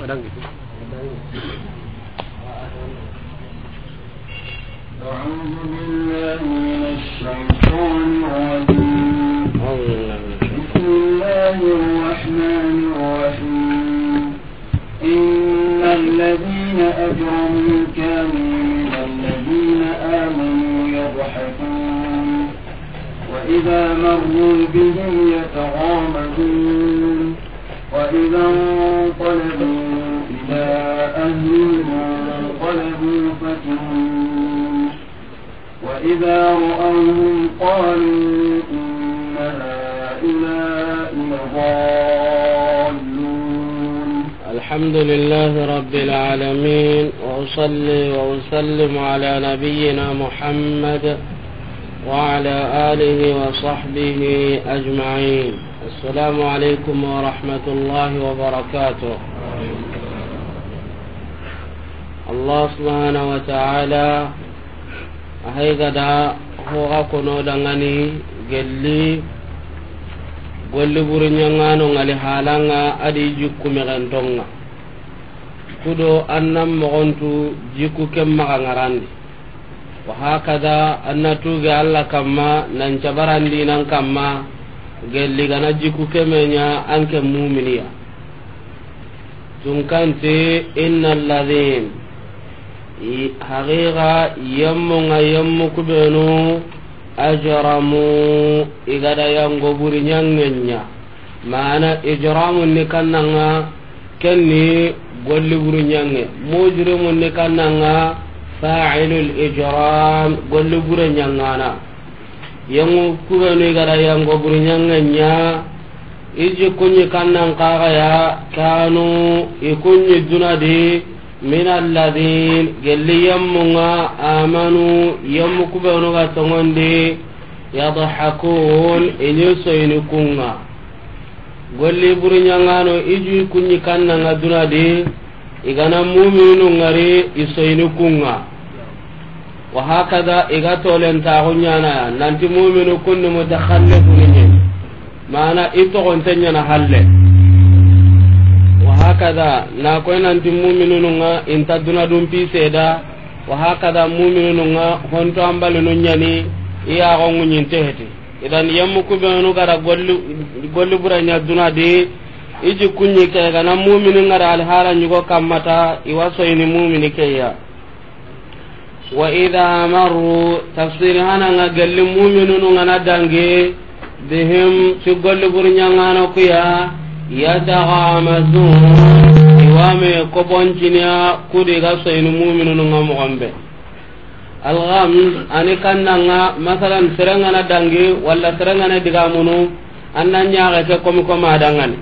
أعوذ بالله من الشيطان الرجيم بسم الله الرحمن الرحيم إن الذين أجرموا كانوا من الذين آمنوا يضحكون وإذا مروا بهم يتغامزون وإذا انقلبوا أهلهم انقلبوا فكهوا وإذا رأوهم قالوا إن هؤلاء لضالون الحمد لله رب العالمين وأصلي وأسلم على نبينا محمد وعلى آله وصحبه أجمعين السلام عليكم ورحمة الله وبركاته allah subhanahu wa ta'ala ahaygada hoga kono dangani gelli golli buruñangano ngali halanga adi jukku mexentonga kudo annam mogontu jikku ken maxa ngarandi hakada annatu ga allah kamma nan nan kamma gelli gana jikku kemenya anke muminiya tunkanti innal ladhin haqiqa yammunga yammu kubenu ajramu igada yango buri nyangenya mana ijramu ni kannanga kenni golli buri nyange mujrimu ni kannanga fa'ilul ijram golli buri nyangana yango kubenu igada yango buri nyangenya iji kunyi kannan kaga ya kanu ikunyi dunadi من الذين قال لي يمنا آمنوا يمكو بأنوغا تغندي يضحكون إني سينكونا قال لي برنيانغانو إجو يكوني كان نغدنا دي إغانا مؤمنو غري يسينكونا وهكذا إغا تولن تاغنيانا نانتي مؤمنو كن متخلفون معنا إتغن تنيانا حلي hakada na koy nan tin mu'minun nga inta duna dum pi seda wa hakada mu'minun nga honto ambalu nun nyani iya ko ngunyin tehti idan yammu ku benu gara gollu gollu buranya duna de iji kunyi ke ga na mu'minun ngara alhala nyugo kamata iwaso ini mu'mini ke ya wa idha maru tafsir hana nga galli mu'minun nga na dange bihim ci gollu burnya ngano kuya yataghamasun iwame koboncinia kudi ga soyinu muminununga mogonɓe alghams ani kannanga masalan serengana dangi walla serengana digamunu anna ñaxe ke komi komadangani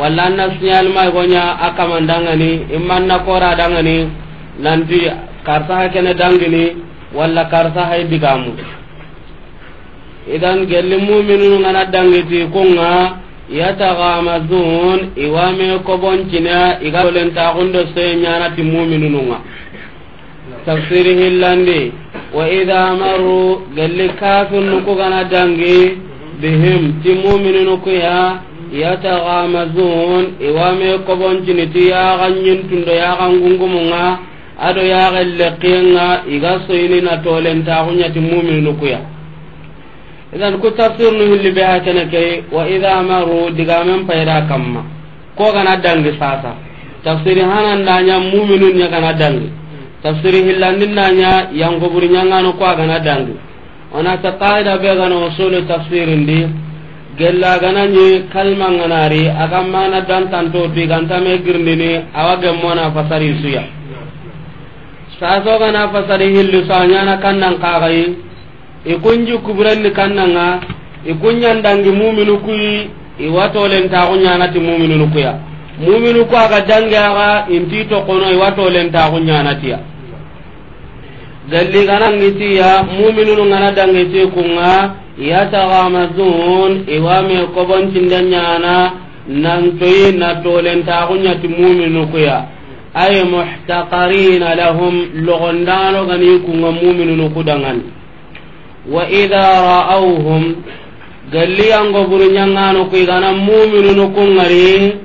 walla anna siñalmay goña a kamandangani imanna koradangani nanti karsaha kene dangini walla karsahay digamu idan gelli muminunungana dangiti kunga yatagamazun iwame koboncina iga lentagundo soye ñanati muminununga tafsiri hillandi wa ida maru gelli nuku gana dangi bihim ti ya yatagamazun iwame kobonciniti yaxanyintundo yaxangungumunga ado yaxellekiyenga iga soyini natolentaguñati muminunukuya idan ku tafsir nu hilli be hakana ke wa idha maru diga men payda kamma ko kana dangi sasa tafsiri hanan nanya mu'minun nya kana dangi tafsiri hillandin nanya yang goburi nyangano ko kana dangi ona ta qaida be gana usulu tafsirin di gella gana ni kalma nganari aga mana dan tanto ti ganta me girndini awage mona fasari suya saso gana fasari hillu sanya na kannan kagai ikunji kuburenni kannanga ikunyandangi muminu kuyi iwatolentaxu ñanati muminunu kuya muminu ku aga dangeaxa inti tokono iwatolentaxu ñanatiya galli ganangitiya muminunu ngana dangiti kunga yatagamazun iwame kobontinde ñana nantoyi na tolentaxu ñati muminu kuya ay muhtakarina lahum logondano gani kunga muminunu kudangani wa idha ra'awhum galliyango buru ñangano ku igana muminunu kungari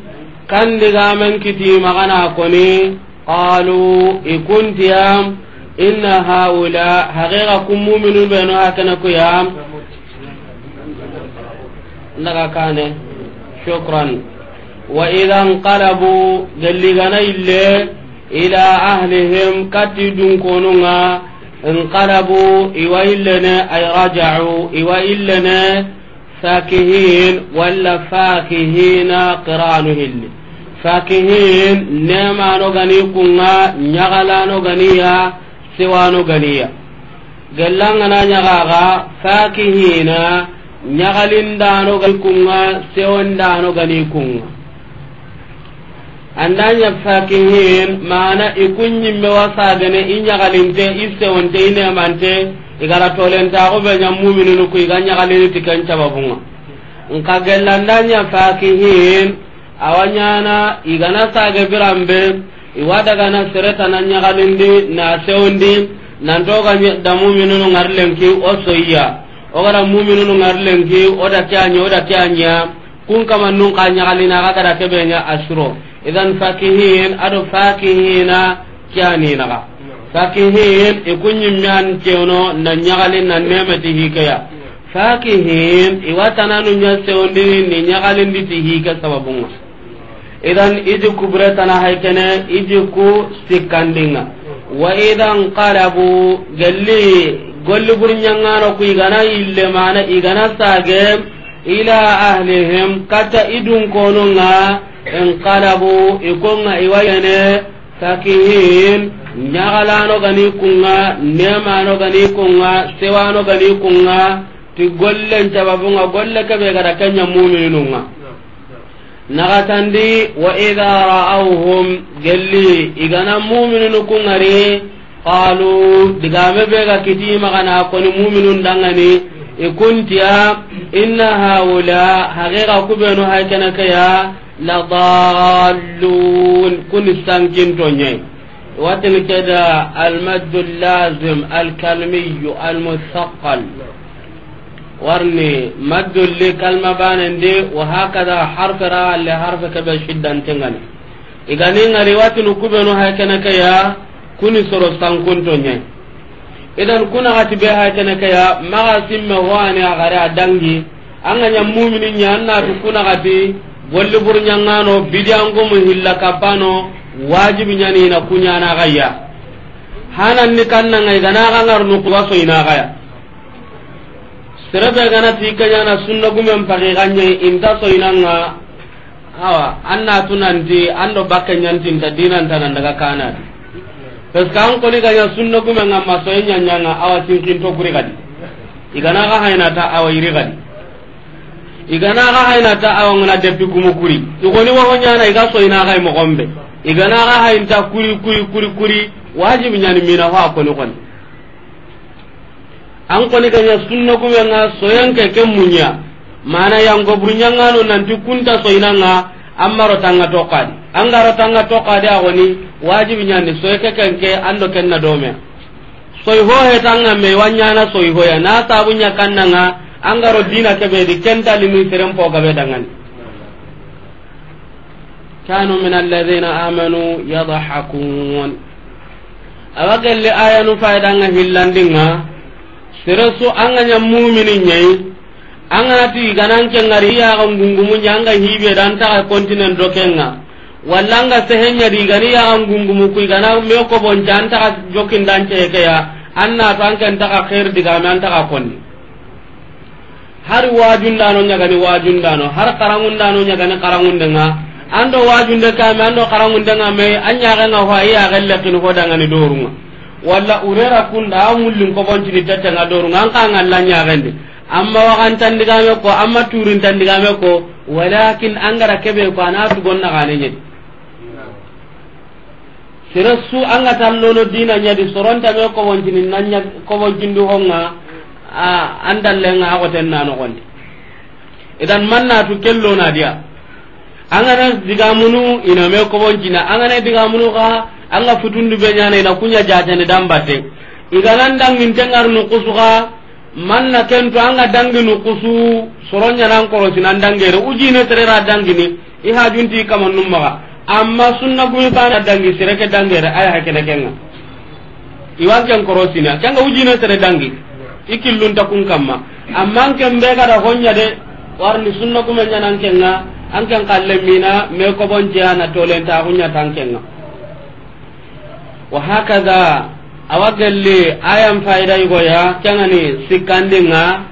kandigamen kiti magana koni qalu ikuntiyam inna haula haqiqa kun muminun beno hakene kuya ndaga kane shukran wa idha anqalabu galligana ille ila ahlihim katti dunkonunga انقلبوا إويلنا أي رجعوا إويلنا فاكهين ولا فاكهين قرانهن فاكهين نما نغني كنا نغلا نغنيا سوا نغنيا gellangana ñagaga fakihina ñagalindano gal kunga sewondano gani kunga andanya fakihin mana ikunyimme wasagene inyagalinte isewonte inemante igara tolentago be nya mu'mininu ku iganya galini tikan cababunga nka gellandanya fakihin awanyana igana sage birambe iwadagana seretana nyagalindi na na na sewndi nantoga damu minunu ngarlenki osoyya ogara muminunu ngarlenki odakanya odakanya kun kama nun ka nyagalina aga gara kebenya asuro idan fakihin ado fakihina kyaninaga fakihin ikunyimmehan kewno na ñagalin na nemeti hikeya fakihin iwatananu ña sewndini ni ñagalindi ti hike sababunga idan iji kubretana haykene iji ku sikkandinga wa idan qalabu gelli golli burñangano ku igana ille maana igana sage ila ahlihim kata idun kononga inqalabu ikunga iwayene sakihin ñagalano gani kunga nemanogani gani kunga sewano kunga ti gollen cababunga golle keɓe gada kenya muminunga nagatandi wa ida ra'awhum gelli igana muminunu kungari qalu digame ɓega kitimagana koni muminun dangani ikuntiya inna haula haqiqa kuɓenu hay kenekeya لضالون كن سانكين توني واتن كده المد اللازم الكلمي المثقل ورني مد اللي كلمة باندي وهكذا حرف را اللي حرف كبه شدة تنغني إذا نين رواتن كبنو هكذا كيا كن سرو سانكون توني idan kuna hati be ha tene kaya maga simme hoani agare adangi anga nyam mu'minin nya anna tu kuna hati golli burñangano bidiyangumu hilla kappano wajibi ñanina kuñanagaya hananni kannanga iganagangarnu kuwaso inagaya serebe ganati ikañana sunna gumen pakiganye inta soinanga awa annatunanti ando bakke ñantinta dinantanandaga kanadi parce que an koni gaña sunna ma masoye ñañanga awa sinkinto guri gadi iganaga haynata awa iri gadi igana ga hayna ta awangna debbi gumu kuri igoni waho na iga so ina ga mo gombe igana ga haynta kuri kuri kuri kuri wajibi nyani mina ko akoni kon an ga ya sunna kuma nga soyanke ke munya mana yang gobunya ngano nanti kunta so ina nga amma rotanga tokadi anga rotanga tokadi agoni wajibi nyani soyake ke ando na dome so ho he tanga me wanyana so ho ya na na nga angaro dina kebe di kenta limi serem po gabe dangan kanu min alladhina amanu yadhakun awa gelle ayanu fayda nga hillandinga seresu anga nya mu'minin nyai anga ti ganan ke ngari ya ga ngungumu nya anga hibe dan ta kontinent dokenga walla anga sehenya di gani ya ga ngungumu ku gana me ko bon janta jokin dan ke ya anna to an ta khair di me an ta konni har wajundano ñagani wajundano har karangundano ñagani karangundenga ando wajunde kame ando karangundenga me a ñaxenga ho a yaxen lekini ho dangani dorunga walla urera kunda a mullin kobontini tettenga dorunga an kangalla ñaxendi amma waxantandigame ko amma turintandigame ko walakin angara keɓe ko ana tugonnaxane ñedi sere su anga tallono dina ñadi sorontame kobontini na kobontindi honga a andallenga no noxondi idan mannatu kellona diya angana digamunu iname koboncina angana digamunu ga anga du be na ina kuña ne dan batte kusu dangintengar nukusu xa manna kentu anga dangi nukusu soronñanan korosinan dangere ujine serera ni i hajunti kamannum maxa amma sunna gumitana dangi sereke dangere aya kenga iwan ken korosina kenga ujine sere dangi ikillunta kun kamma amma anken be kada honya de warni sunna kuma nyana ankenga anken kalle mina me ko bon jana tolenta hunya tankenga wa hakaza awagalle ayan faida yugoya sikande nga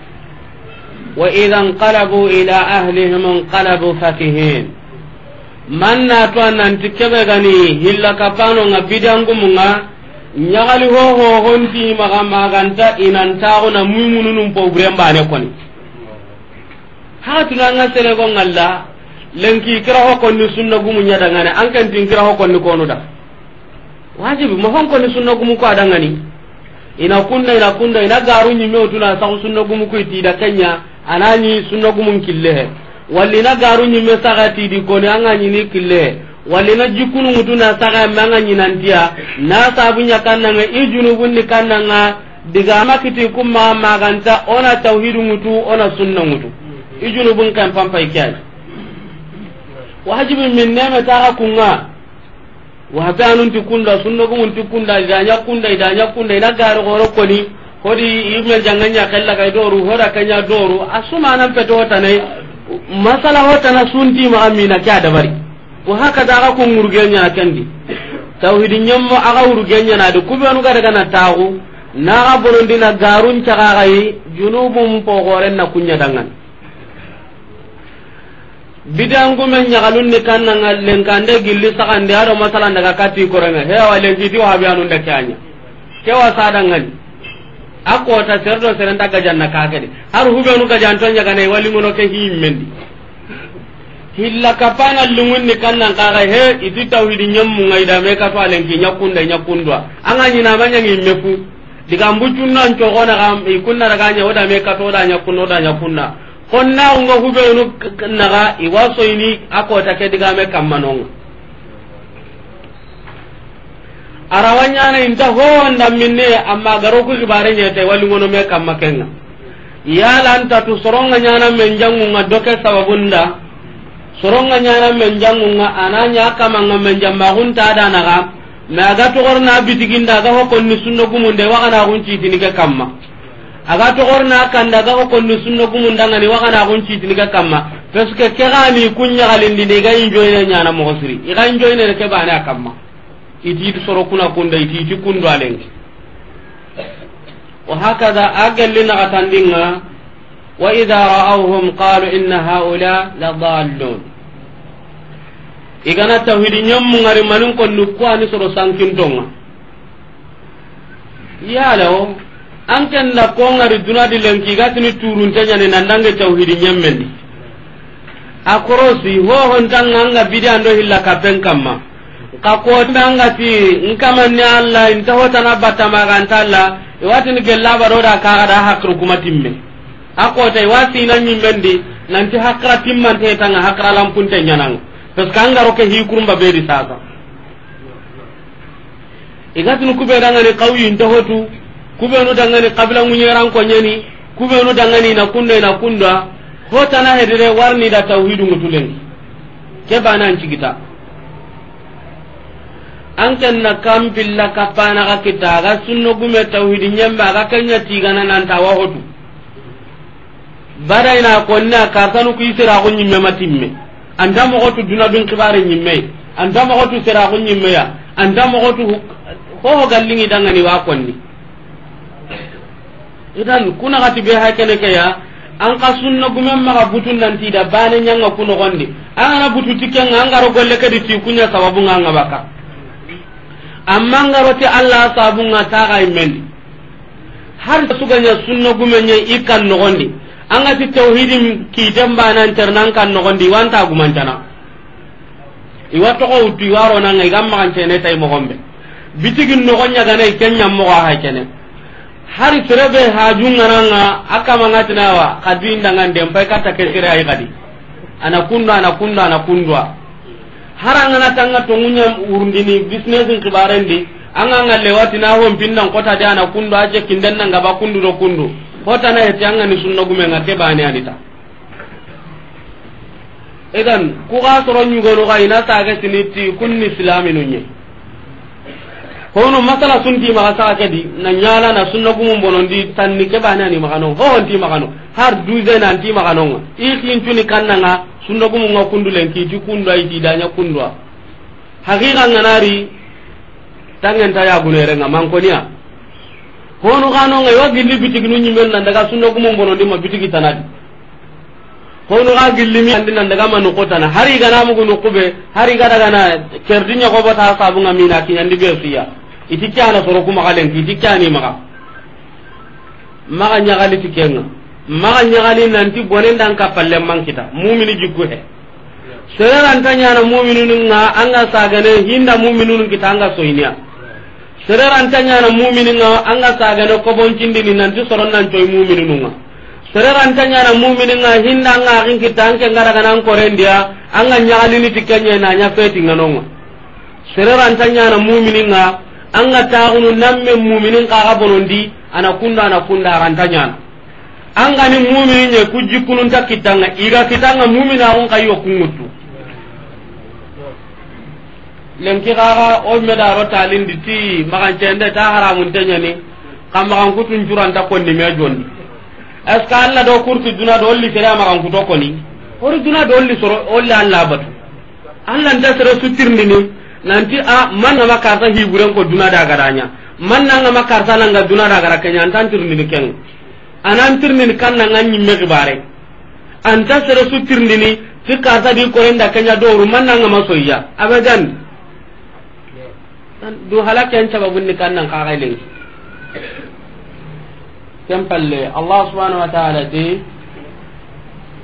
wa idan qalabu ila ahlihim qalabu fakihin man na to nanti kebe gani hilla kapano nga bidangumunga nyagali ho ho honti maga maganta inanta ona mumununum po brembane koni hati nganga sere ko ngalla lenki kira ho konni sunna gumu nya dangane an kan tin kira ho konni kono da wajibi mo hon konni sunna gumu ko ni ina kunna ina kunna ina garu nyi tuna sa sunna gumu ko da kanya anani sunna gumu kille he walli na garu nyi me sagati di ko ni anani ni kille walli na jikunu mutuna saka manga nyinantiya na sabu nya kannanga i junubun ni kannanga diga makiti kumma maganta ona tauhidu mutu ona sunna mutu ijunu bun kan pampai kyai wajibi min nema ta kunga wa anun ti kunda sunna gumun ti kunda ganya kunda idanya kunda ina garo goro koni hodi ibn janganya kella kay doru hoda kanya doru asuma nan peto tanai masala hota na sunti ma amina kya da bari wa haka da ga ku murgenya kandi tauhid nyammo aga urgenya na de kubenu ga daga na tagu na ga bonondi dina garun caga gai junubum pogoren na kunya dangan bidangu men nyagalun ni kannanga lenkande gilli sakande aro masala daga kati korenga hewa lenkiti wa bianun da kyanya kewa sadangani akota serdo serenta gajanna kakede har hubenu gajanto nyagana wali ngono ke himmendi hilla kapana lungunni kannan kaga he itu tawhidi nyammu ngai da me ka to alen ki da nyakunda nyakundwa anga nyina manya ngi meku diga mbucunna nco gona ga ikunna daga nya oda me ka to da nyakunno da nyakunna konna unga hube nu naga iwaso ini ako ta ke diga me kammanonga arawanya na inta ho nda minne amma garo ku gibare nya te wali ngono me kammakenga yala anta tu soronga nyana menjangu ngadoke sababunda soronga nyana men jangunga ananya kama nga men jamba hunta da naga ma aga to gorna bitiginda ga ho ni sunno gumunde wa kana gunci tinike kamma aga to gorna kanda ga ho ni sunno gumunda ngani wa kana gunci tinike kamma peske ke gani kunya galindi ne ga injoyne nyana mo siri i ga injoyne ne ke bana kamma iti soro kuna kunda iti ti kundu alengi wa hakada agallina gatandinga وإذا رأوهم قالوا إن هؤلاء لضالون igana tawhidi ñammu ngari manun konnu ko ani soro sankintonga yalawo an kenda ko ngari dunadi lenki gatini turunteñani nandange tawhidi ñammendi a korosi hohontanga anga bidi ando hilla kappen kamma ka kote angati nkamanni allah inta hotana battamaga anta allah iwatini ka ga da hakru kuma timme a kotay wa sina ñimmendi nanti hakra timmante tanga hakra lampunte ñananga parce que angaro ke hikurumba ɓeedi sasa igatini kuɓe dangani kawyinto hotu kuɓenu dangani kabila ŋuñeranko ñani kuɓenu dangani na kunda na kunda hotana hedire warnida tawhidu ŋutulengi ke banan cigita an ken na kam pilla kappanaga kita aga sunno gume tawhidi ñembe aga kenya tigana nanta wa hotu bada ina konna kartanu ku isira ko nyimme matimme anda mo gotu duna dun kibare nyimme anda mo gotu sira ko nyimme ya anda mo gotu ho ho gallingi dangani wa konni idan kuna gati be hakene ke ya an ka sunna gumen ma butun nan ti da bane nyanga kuno gondi an ana butu tikken an garo golle ke di kunya sababu nganga baka amma ngaro ti Allah sabu ta ga imendi har suganya sunna gumenya ikan no gondi anga ti tauhidin jamba nan ternan kan gondi wanta gumantana iwa togo utu iwaro nanga igam magan cene tay gombe bitigin nogonya gana mo ga ha kene hari serebe hajunga nanga akama ngatinawa kadinda ngande mpai kata sira ai kadi ana kunna ana kunna ana kundwa haranga natanga tongunya urundini in kibarendi anga na ho pindan kota de ana kundwa aje kinden nanga ba kundu do kundu hotana yeti anga ni sunna gume nga ke bani anita idan ku ga soro nyugonu ga ina saga tiniti kunni islaminu nye hono masala sundi ma saga kedi na nyala na sunna gumu bonondi tanni ke bani ani magano ho onti magano har duze na anti magano i kanna nga sunna gumu nga kundu kundulen ki ti kundwa ti danya kundwa hakika nganari tangen ya gunere nga mankoniya honu gano ngai wa gilli bitigi nu nyimel nan daga sunno gumo bono dima bitigi tanadi honu ga gilli mi andina daga tana kotana hari gana mu gunu kube hari ga daga na kerdinya ko bata sabu ngamina kinyandi besiya itikya na soro kuma galen itikya ni maka maka nyagali tikenga maka nyagali nanti bonen dan mu'mini jikku he na mu'minun nga anga sagane hinda mu'minun kita anga sererantanyana muminiga anga sagane koboncindini nanti soronnan coy mumininunga sererantanyana muminiga hinda anga axin kitta anke ngaraganan korendiya anga ñaxaliniti kenñe naña fetinganonga sererantanyana muminiga anga taxunu namme muminin kaxa bonondi ana kunda ana angani mumini ku kittanga iga kittanga kunguttu lenki kaga o me daro talin di ti makan cende ta haramun tenya ni kamakan makan kutun juran ta konni me joni es alla do kurti duna do li a makan kuto koni ori duna do li soro o la alla batu alla nda sere sutirni ni nanti a man na makarta hiburen ko duna da garanya man na nga makarta na nga duna da garakanya antan tirni ni ken anan tirni ni kan na nga nyimme gibare anta sere sutirni ni ti karta di korenda kenya do ru man na nga masoya abadan du halaken sababun ni kannan kaga lengi kem palle allah subhanahu wa ta'ala ti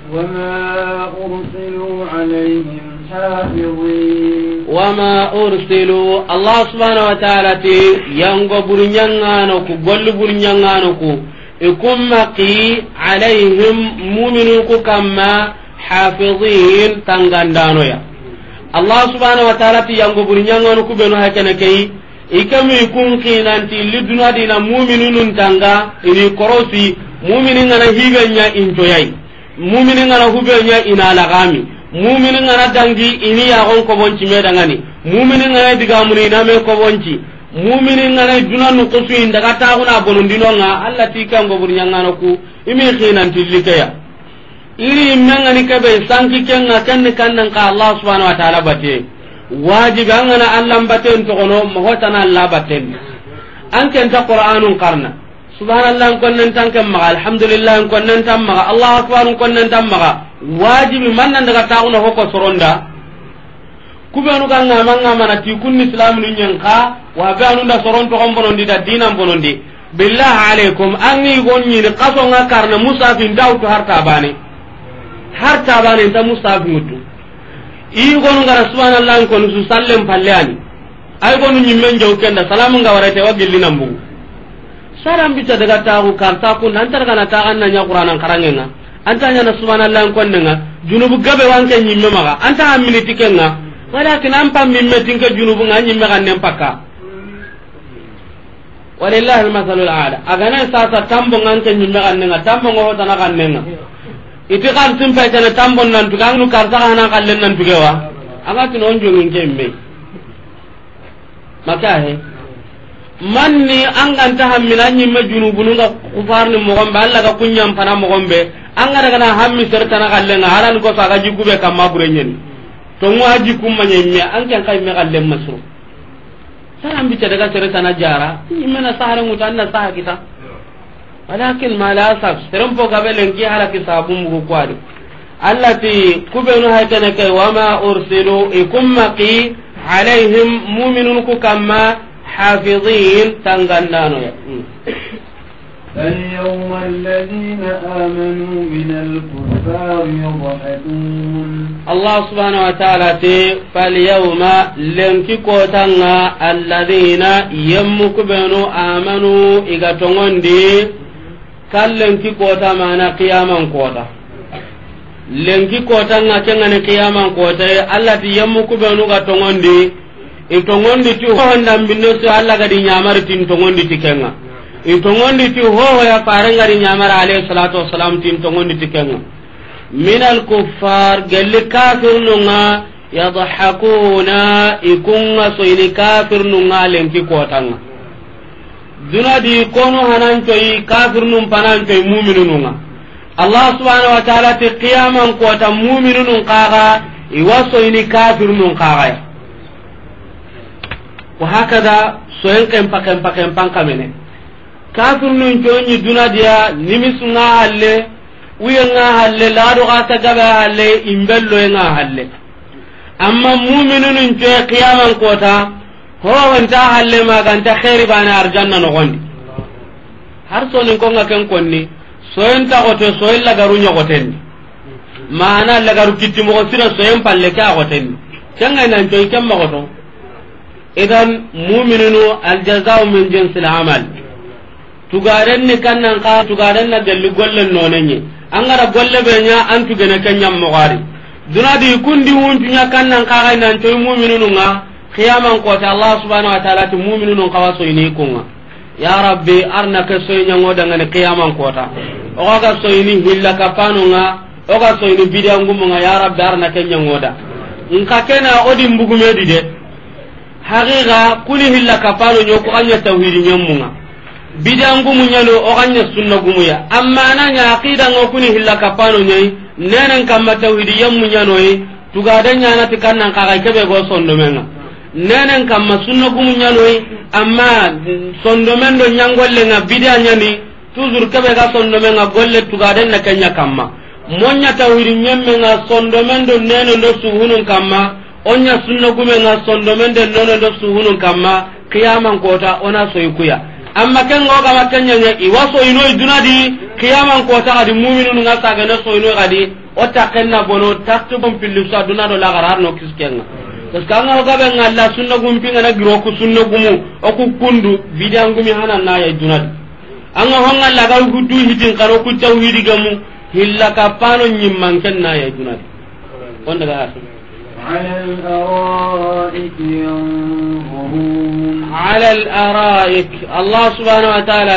وما أرسلوا عليهم حافظين وما أرسلوا الله سبحانه وتعالى ينغو alaihim mu'minu ku kamma hafizin allah subhanahu wa ta'ala ti yango burinyangonu kubenu hakene kei ikemi kun kinanti liduna dina mu'minunun tanga ini korosi mu'minin ngana hibe higanya injoyai mu'minin ngana hube hubenya ina lagami mu'minin ngana dangi ini ya gon ko bonci medangani mu'minin ngana diga digamuni na me ko bonci mu'minin ngana duna nu kusu indaga tauna bonundinonga allah ti kango burinyangano ku imi kinanti likaya iri mengani kebe sanki kenga kenni kannan ka Allah subhanahu wa ta'ala bate wajibi an gana Allah baten to kono hota na Allah baten an ken ta qur'anun karna subhanallah kon nan tan kam ma alhamdulillah kon nan tan ma Allah akbar kon nan tan ma wajibi man nan daga ho ko soronda kubenu kan man ngama na ti kunni islam ni nyanka wa banu da soron to kombono di da dinan bonondi billahi alaikum ni gonni ni kaso ngakarna musafin dawtu harta bani har tabane nta mustafi mutu i gonu ngara subhanallah ko nusu sallem palle ay gonu nyimmen jaw kenda salamu ngawara te wagilli nambu saram bita daga taku karta ku nan tar kana ta annan ya qur'anan karangenga anta nya subhanallah ko ndenga junubu gabe wanke nyimme maga anta amini tikenga am pam mimme junubu nga nyimme kan nem pakka walillahi a'la agana tambo nyimme kan tambo ngo iti kartin petene tambon nan tuga angnu karta kana kallen nan tuga wa aga tin on jongin kemme maka he ni an ganta hammina nyimme junubunu ga kufar ni mogombe alla ga kunyam pana mogombe an ga daga na hammi sertana kallen halan ko sa ga jikube kamma burenyen to mu ma kumma nyimme an kan kai me kallen masru sanan bi daga sertana jara nyimme na sahare mutanna saha kita walakin ma la sab serem po gabe lenki halaki sabu mugu kwadi allati kubenu haytene kay wama ursilu ikum maqi alaihim mu'minun ku kamma hafizin tangandano ya فاليوم الذين آمنوا من الكفار يضحكون الله سبحانه وتعالى فاليوم لنكي كوتنا الذين يمك بنو آمنوا إغتغن kan lenki kota mana kiyaman kota lenki kota nga kengane kiyaman kota e allah ti yammu kubenu ga tongondi itongondi e ti binno si allah gadi nyamar tin tongondi ti kenga itongondi e ti hohoya di nyamar alayhi salatu wassalam tin tongondi ti kenga min al alkuffar gelli so yadhakuna ikunga soyini kafirnunga lenki nga. dunadi kono hanancoyi kafirnum panancoyi muminununga allah subhanau wa taala ti qiyaman kota muminunun kaga iwasoyini kafirnun kamene halle halle halle halle amma kota howanta halle maganta heri bane arjanna nogondi har sonin konga ken konni soyen tagote soyen lagaru ñogotendi mana lagaru kitti kittimogo sina soyen palle ke agotendi kenga nancoyi ken magoto idan mumininu aljazau min jinsi lamal tugaren ni kannan ka tugaren na gelli gollen nonenye angara golle be nya antu gene kenyam mogari dunadi kundi wuntu nya kannan ka ga nan toy mu'minunu nga qiyaman ko ta allah subhanahu wa ta'ala ti mu'minun qawaso ini kunga ya rabbi arna ka so nyango ne qiyaman ko ta o ga so ini hilla ka oga o ga so ini bidangu munga ya rabbi arna ka nyango da in ka kena odi mbugume di de haqiqa kuni hilla ka pano nyoko anya tawhidi nyamunga bidangu munyalo o anya sunna gumuya amma ananya aqida ngokuni hilla ka pano nyai nenen kamma tawhidi yamunyano yi tugadanya na tikannan ka ga kebe go sondo menga nenen kamma sunna gumu ñanoyi amma sondomen do na bidia nyani toujours kebe ga sondomenga golle tugaden na kenya kamma tawiri nyemme ñemmenga sondomen do nene do suhunun kamma onya sunna gumenga sondomen de none do suhunun kamma kota ona soyikuya amma kenga ogama kenyaña iwa soyinoyi dunadi kiyamankota kadi muminununga sagene soyinoyi kadi o takkenna bono takti bon pillisu a dunado lagarar no kiskenga parce que anga hoga be ngalla sunna gum gumpi na giro ku sunna gumu o ku kundu bidan gumi hanan na ya dunadi anga honga la ga gudu hidin karo ku tawhidi gamu hilla ka pano nyimman ken na ya dunadi on daga asu على الأرائك ينظرون على الأرائك الله سبحانه وتعالى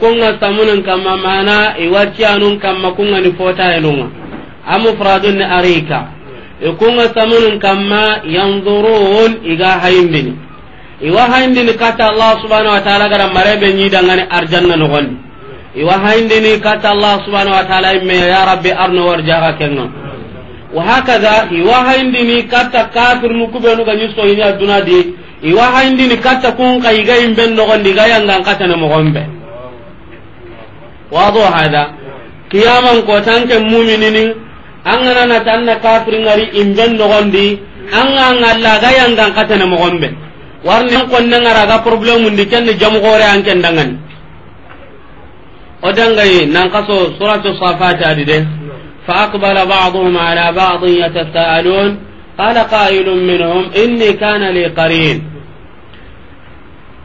كنا سمون كما معنا إواتيان كما كنا نفوتا ينوما أمفراد أريكا ikunga samunun kamma yanzurun iga hayimbini iwa hayindini kata allah subhanahu wa ta'ala gara marebe nyi dangane arjanna no gondi iwa hayindini kata allah subhanahu wa ta'ala imme ya rabbi arno warjaga kenno wa hakaza iwa hayindini kata kafir nu kubenu ga nyuso inya dunadi iwa hayindini kata kun kai ga imben no gondi ga yanga kata no gombe wado hada kiyaman ko tanke mu'minini angana na tanna kafri ngari imben no gondi anga ngalla ga yangan katana mo gombe warni ko na ngara ga problem mundi kenne jamu gore an kendangan odangai nan kaso suratu safat adi de fa aqbala ba'dhum ala ba'd yatasaalun qala qailun minhum inni kana li qarin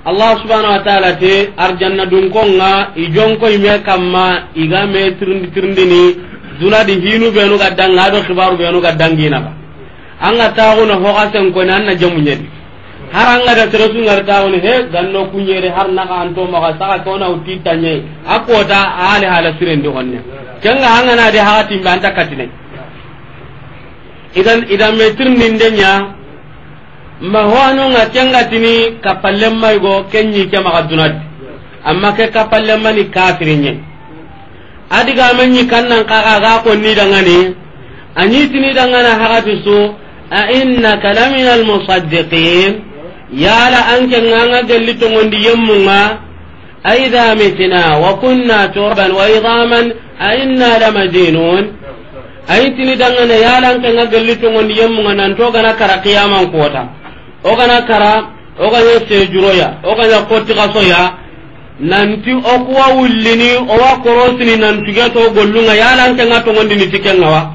allah subhanahu wa taala te arjanna dun ijonko ime kamma iga me tirindi ni. di hinu benu ga danga do khibaru benu ga dangina ba anga taxuna hoxa sen ko nan na nyedi har ga da ngar sungar taxuni he no kunyere har ma naxa antomaxa ko na uti tañe a kota a ale hala sirendi an na de haxa timbe anta katine idan idan min de nya ma hoanonga kengatini kapallenmaygo kenñi ke ga dunadi amma ke mani kafirin ñeng Adi ga men yi kannan kaga ga ko ni dangane anyi tini dangana hagati so a innaka lamina almusaddiqin yala anke nganga gelli to ngondi yemmunga aidha mitna wa kunna turban wa idhaman a inna lamajinun ayi tini dangana yala anke nganga gelli to ngondi yemmunga nan to gana kara qiyaman kota o gana kara o gana sejuroya o gana kotti kasoya nanti okuwa wullini owa korosini nantuge to gollunga yalankenga togondini nga wa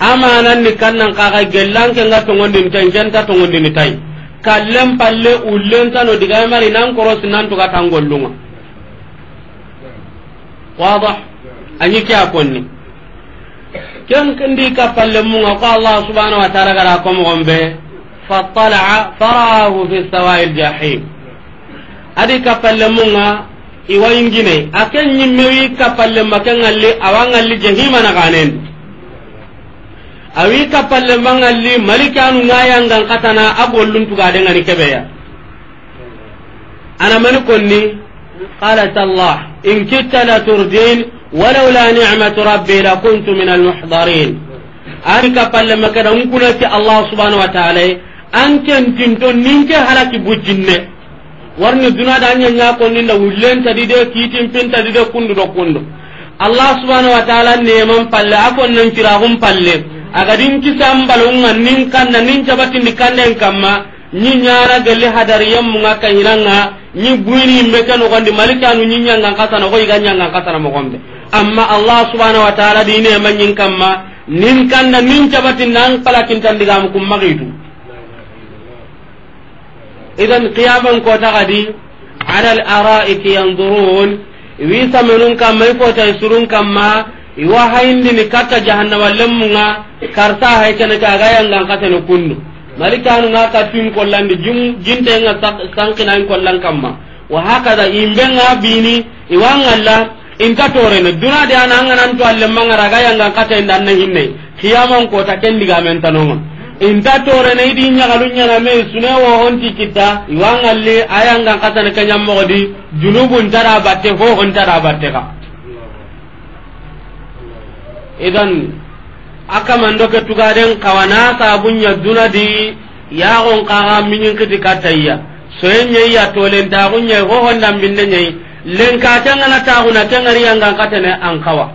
amananni kannan kaka gellankenga togondini tai kenta togondini tai kallen palle ullentano digamari nan korosi nantuga tan gollunga wadah anyi ke a konni ken ndi ka palle munga ko allah subhanahu wa taala gara komogon be fatala'a faraahu fi sawai ljahim adi kapalle munga iwa ingine aken nyimmewi kapalle makangalli awangalli jahima na ganen awi kapalle mangalli malikanu ngayangan katana agollun tugade ngani kebeya ana mani konni qalat allah in kitta la turdin ولولا نعمة ربي لكنت من المحضرين أن كفل مكان الله سبحانه وتعالى أن warni duna da anya nya konni da wullen ta dide kitin pin ta dide kundu do kundu allah subhanahu wa ta'ala ne man palle akon nan kira hum palle aga din kisam balunga nin kanna nin jabatin di kanden kamma ni nyara galle hadar yam munga ka hiranga ni buini meka no gondi malika ni nyanga kasana ko iga nyanga kasana mo gombe amma allah subhanahu wa ta'ala dine man nyin kamma nin kanna nin jabatin nan palakin tan diga mu kum magidu idan qiyaman ko ta gadi ala al-ara'ik yanzurun wi samanun kam mai ko ta surun kam ma iwa hayndi ni katta jahannama lemmunga karta hay kana ka ga yanga kata no kunnu malikanu nga ka tin ko landi jum jinte nga sankina ko lan ma wa hakada nga bini iwanga la inta tore ne duna de ananga nan to alle mangara ga yanga kata indan hinne kiyaman ko ta kendi ga men tanonga inta torene idi ñagalu ñaname sune wohonti kitta iwangalli ayangan katane keñammogodi junubu ntara batte hoho ntara batte ka idan akamando ke tugaden kawana sabunya dunadi yaxon kaxa miñinkiti kattayya soyenñeya tolentaxunñe hohondambinde ñeyi lenkatengana taxuna kengariyangan katene an kawa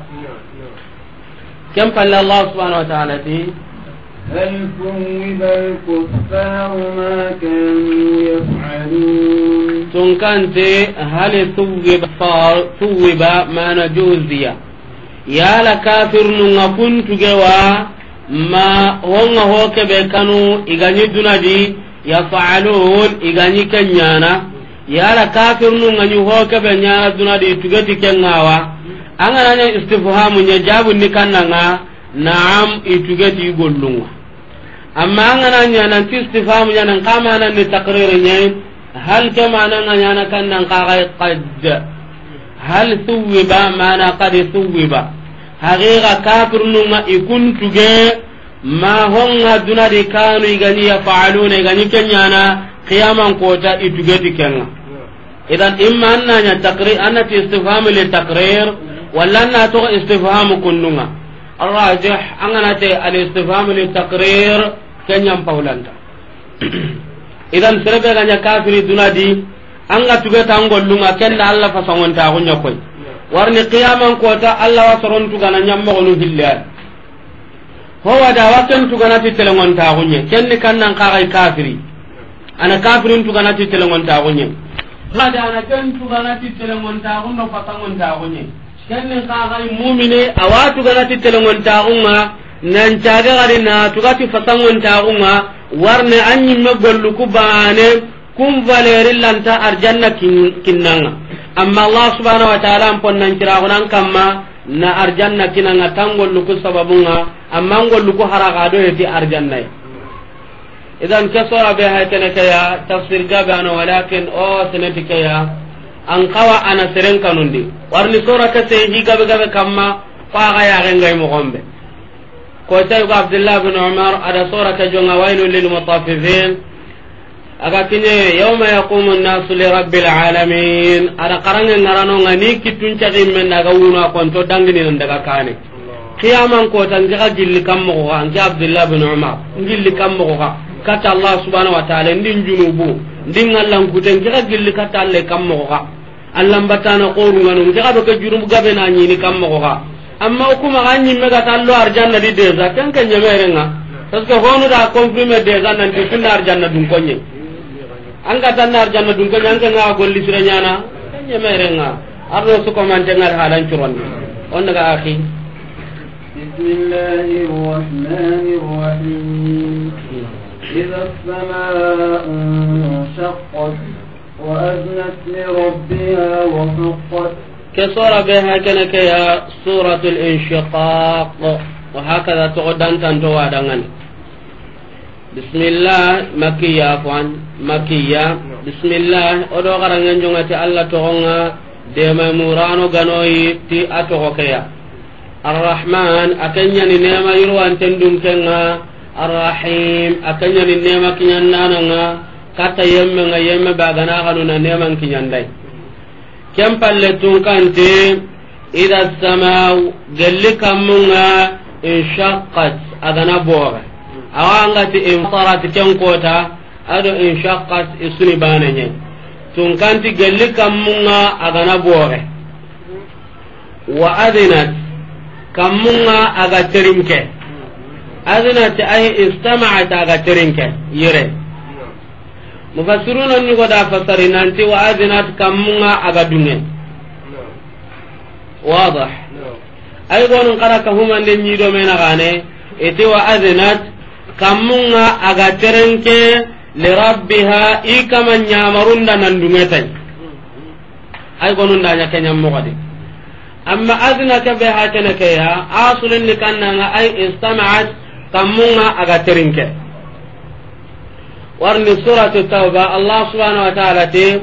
ken palle allah subhanau wa taala ti هل ثوب الكفار ما كانوا يفعلون ثم كانت هل ثوب الكفار ثوب ما نجوزيا يا لكافر نقنت جوا ما هم هو كبه كانوا إغاني دنادي يفعلون إغاني كنيانا يا لكافر نغني هو كبه نيانا دنادي تغتي كنغاوا أنا لاني استفهام نجاب نكنا نعم إتغتي يقولون amma angana ñanan ti istifam ñanan na takriri ñayi hal ke mananga ñana ka kaxay qad hal suwiba mana kad suwiba haqiqa ma honga dunadi kanu igani yafaluna igani keñana qiyaman kota itugeti kenga idan imma annanya takrir annati istifhamu li takrir walla anna togo istifhamu kunnunga الراجح الاستفهام للتقرير kenyam paulanta idan serebe ganya kafiri dunadi anga tuge tangollunga kenda allah fasangonta agunya koy warni qiyaman kota allah wasorontuga na ñammogonu hillea howada wa ken tuganati telegontaxuñe kenni kannan kaxay kafiri ana kafirin tuganati telegontaxuñe hada ana ken tuganati telegontaxunno fasangontaxuñe kenni kaxay mumine awa tuganati telegontaxunga nan caga gari na tugati fasangon tagunga warne an yimme gollu ku bane kun valeri lanta arjanna kinnanga amma allah subhanahu wa ta'ala an ponnan kiragunan kamma na arjanna kinanga tan gollu ku sababunga amma gollu ku haraga do yeti arjanna idan bai be haytene kaya tafsir gabe ana walakin o seneti kaya an kawa ana seren kanundi warni sura kase higabe gabe kamma faaga mu mogombe kotaygo abdullah bin umar ada sorata jonga waynu lilmutafifin aga kine yauma yaqumu nnasu lirabbil alamin ada karange ngaranonga ni kittuncaximmen daga wunu a konto dangininen daga kane qiyaman kota ngixa gilli kammoxoxa nki abdullah bin umar ngilli kammoxoxa kata allah subhanau wa taala ndin junubu ndin allankute ngixa gilli katta allah kammoxoxa allambatana qorunganu ngixa ɓeke junubu gabe na ñini kammoxoxa amma kuma ga nyimme ga tallo arjanna di deza kan kan nyemere nga parce que honu da confirmer deza nan di sunna arjanna dun konye an ga tan arjanna dun konye an kan ga golli sura nyana kan nyemere nga arno su ko man tengal halan curon on daga akhi بسم الله الرحمن الرحيم إذا السماء انشقت وأذنت لربها وحقت ke sora be hakene ke ya suratul inshiqaq wa hakaza to dantan to wadangan bismillah alla to gonga de mamurano ganoyi ti ken palletun kante ida samau gelli kammunga inshaqqat agana boore awangati insarat ken kota ado inshaqqat isuni banenye tun kanti gelli kammunga agana boore wa adinat kammunga aga terinke adinat ay istama'at aga terinke yire mufassiruna nyugo da fasari nanti wa adinat kamunga aga dunge wadah ay gonu kara ka huma den nyido mena gane ete wa adinat kamunga aga terenke li rabbiha ikama nyamarunda nan dunge tay ay gonu ndanya kenya mogadi amma adna ka be hatene ke ya asulin ni kannanga ay istama'at kamunga aga terenke warni سورة التوبة الله سبحانه وتعالى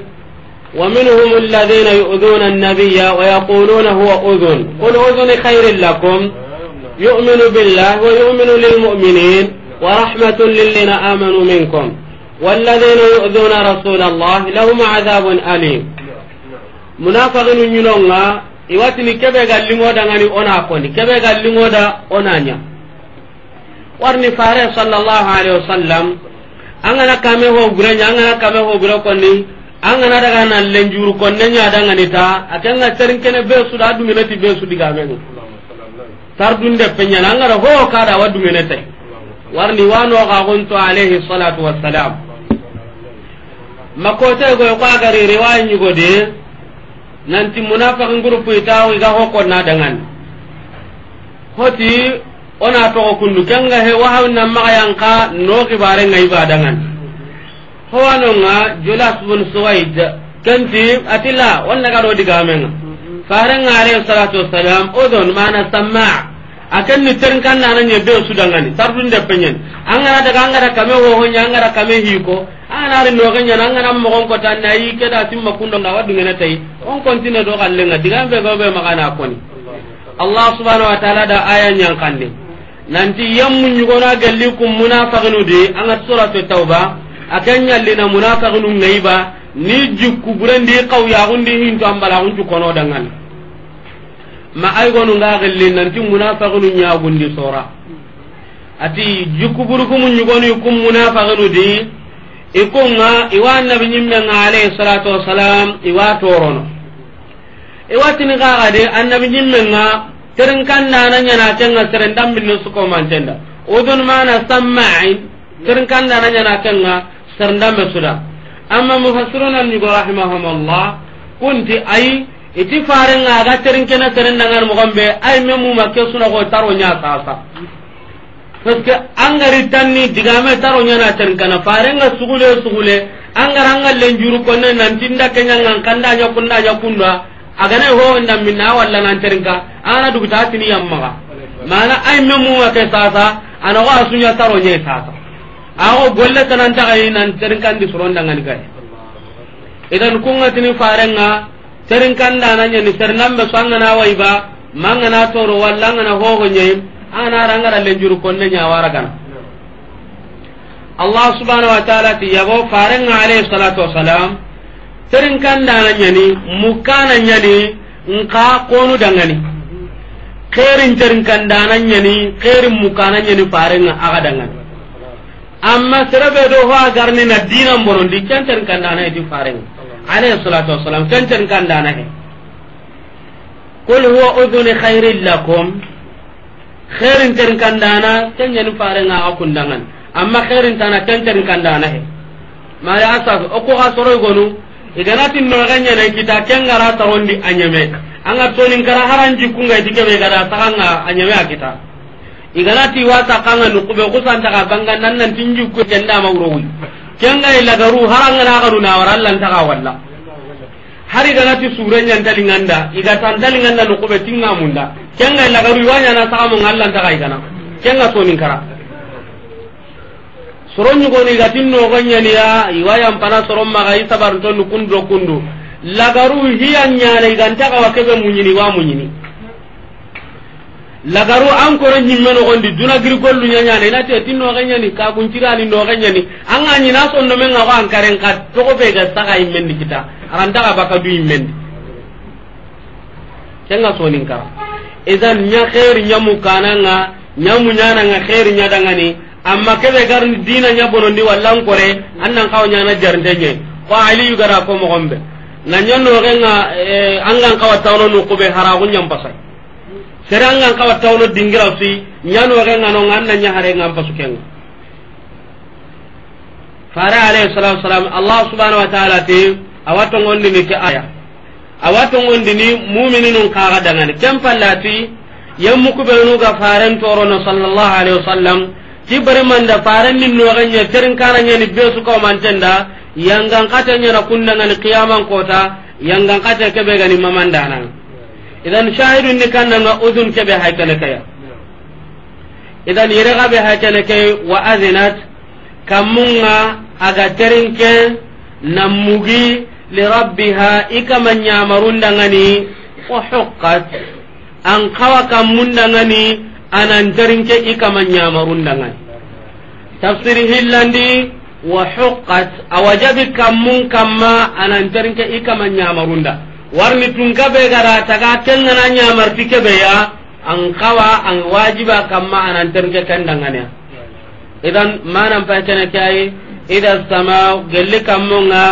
ومنهم الذين يؤذون النبي ويقولون هو أذن قل أذن خير لكم يؤمن بالله ويؤمن للمؤمنين ورحمة للذين آمنوا منكم والذين يؤذون رسول الله لهم عذاب أليم منافق ينونغا iwatini kebe gallingoda ngani ona koni kebe gallingoda onanya warni fare sallallahu alaihi wasallam angana kame ho gurenya angana kame ho gure konni angana daga na lenjuru konne nya daga ni ta akanga serin kene be su da du minati be su diga men tar dunde penya angara ho kada wadu minati warni wano ga gonto alaihi salatu wassalam makote go ko agari riwayi go de nanti munafiqin grupu itawi ga ho konna dangan hoti ona togo kundu kenga he wahawna magayanka no kibare ngai badangan hoano nga julas bun suwaid kanti atila wonna garo digamenga faran alayhi salatu wassalam odon mana samma akan ni tern kan nana nye be sudangani sardun de penyen angara daga angara kame wo honya angara kame hiko ana rin no ganya angara mo gon ko tan nayi keda timma kundo na wadu ngene tay on kontine do kallenga digambe go be magana koni allah subhanahu wa ta'ala da aya yang kande nanti yammu ñugona galli kum munafaqinu di anga suratu tauba akan ñallina munafaqinu ngaiba ni jukku jikku burendi qaw yagundi hinto ambalaguncu kono dangan ma ay gonu nga galli nanti munafaqinu ñagundi sora ati jikku burukumu ñugoni kum munafaqinu di ikunga iwa annabi ñimmenga alayhi salatu wasalam iwa torono iwatini kaga de annabi nga. tirin kan nana nyana tenga seren dam binno suko mantenda udun mana sama'in tirin kan nana nyana tenga seren dam suda amma mufassiruna ni rahimahumullah kunti ay iti farenga ga tirin kena seren dangan mo ay memu makke suna go taro sasa parce que angari tanni digame taro nyana kana farenga sugule sugule angara ngal lenjuru konne nan ngan kanda kunda agana ho inda minna walla nan terinka ana dugutaa ta tini yamma mana ay memu ma ke sasa ana wa sunya taro nye sasa awo golle tanan ta ay nan terinka ndi suronda ngan idan kunga tini farenga terinka nda nan ni ternambe swanga na waiba manga na toro walla angana ho ho nye ana rangara lenjuru konne nyawara gana. Allah subhanahu wa ta'ala ti yabo nga alayhi salatu wa salam serin kandana nyani mukana nyani nka konu dangani kerin serin kandana nyani kerin mukana nyani farenga aga dangani amma serebe do ho agarni na dina mbonondi ken serin kandana di farenga alayhi salatu wassalam kenter serin kandana he kul huwa udhun khairil lakum khairin terin kandana ken nyani farenga aga kundangan amma khairin tana ken kan kandana he mari asas o ko ga soroy gonu iganati noxeñene kita kengara taxondi a ñeme anga kara haranji kunga iti keɓe gada saxanga a ñeme a kita iganati wa saxanga nukuɓe xusantaxa banga nan nanti njikku kendama wurowi kenga i lagaru haranganaxanu nawara allantaxa walla har iganati sureñantalinganda igatantalinganda nukuɓe tingamunda kenga i lagaru iwañana saxamonga allantaxa igana kenga kara. soro goni gatin noxonñaniya iwayan pana soro maxa i sabarintonu do kundu lagaru hiyan ñana iganta xawa keɓe muñini wa muñini lagaru an koro ñimme noxondi duna giri gollu ñañana inate ni, noxeñani kaguncirani noxeñani anga ñina sonnomenga xo an karen ka toxo ɓega saxa immendi kita arantaxa baka du immendi kenga sonin kara idan ña xeeri nga kananga ñamu ñananga xeeri ñadangani amma kebe garni dina nya bonondi wallan kore annan kawo nya na jarnde nye ko ali yu gara ko mogombe na no renga e, angan kawa tawno no ko be haragun nyam pasai sere angan kawa tawno dingira nya no renga no nganna nya hare ngam ken fara alayhi salatu wassalam allah subhanahu wa ta'ala te awato ngondi ni ke aya awato ngondi ni mu'minun ka dangane kempalati yammu kubenu ga faran torono sallallahu alaihi wasallam kibari manda faran no noganya terin nya ni besu ko mantenda yangan kata nyana qiyamang kota yangan kata be gani mamandana idan shahidun ni na udun kebe haykale kaya idan yere be haykale kay wa azinat kamunga aga terin ke namugi li rabbiha ikaman ngani wa huqqat an kawa kamundangani anan jarinke ikaman marundangan. tafsiri hillandi wa huqqat awajabi kammun kamma anan terinke ikama nyamarunda warni tunka be gara taga kengana nyamar tikebe ya an kawa an wajiba kamma anan terinke kandangane idan manan fa kana kai idan sama gelli kammunga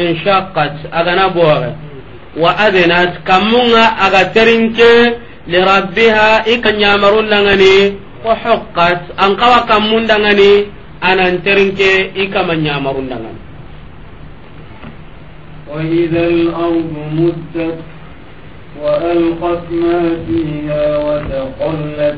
inshaqqat agana boore wa adanat kammunga aga terinke lirabbiha ikanya marundangane ko hokkat an kawa kam mundangani anan terinke ikama nyama undangan wa idzal ard muddat wa alqat ma fiha wa taqallat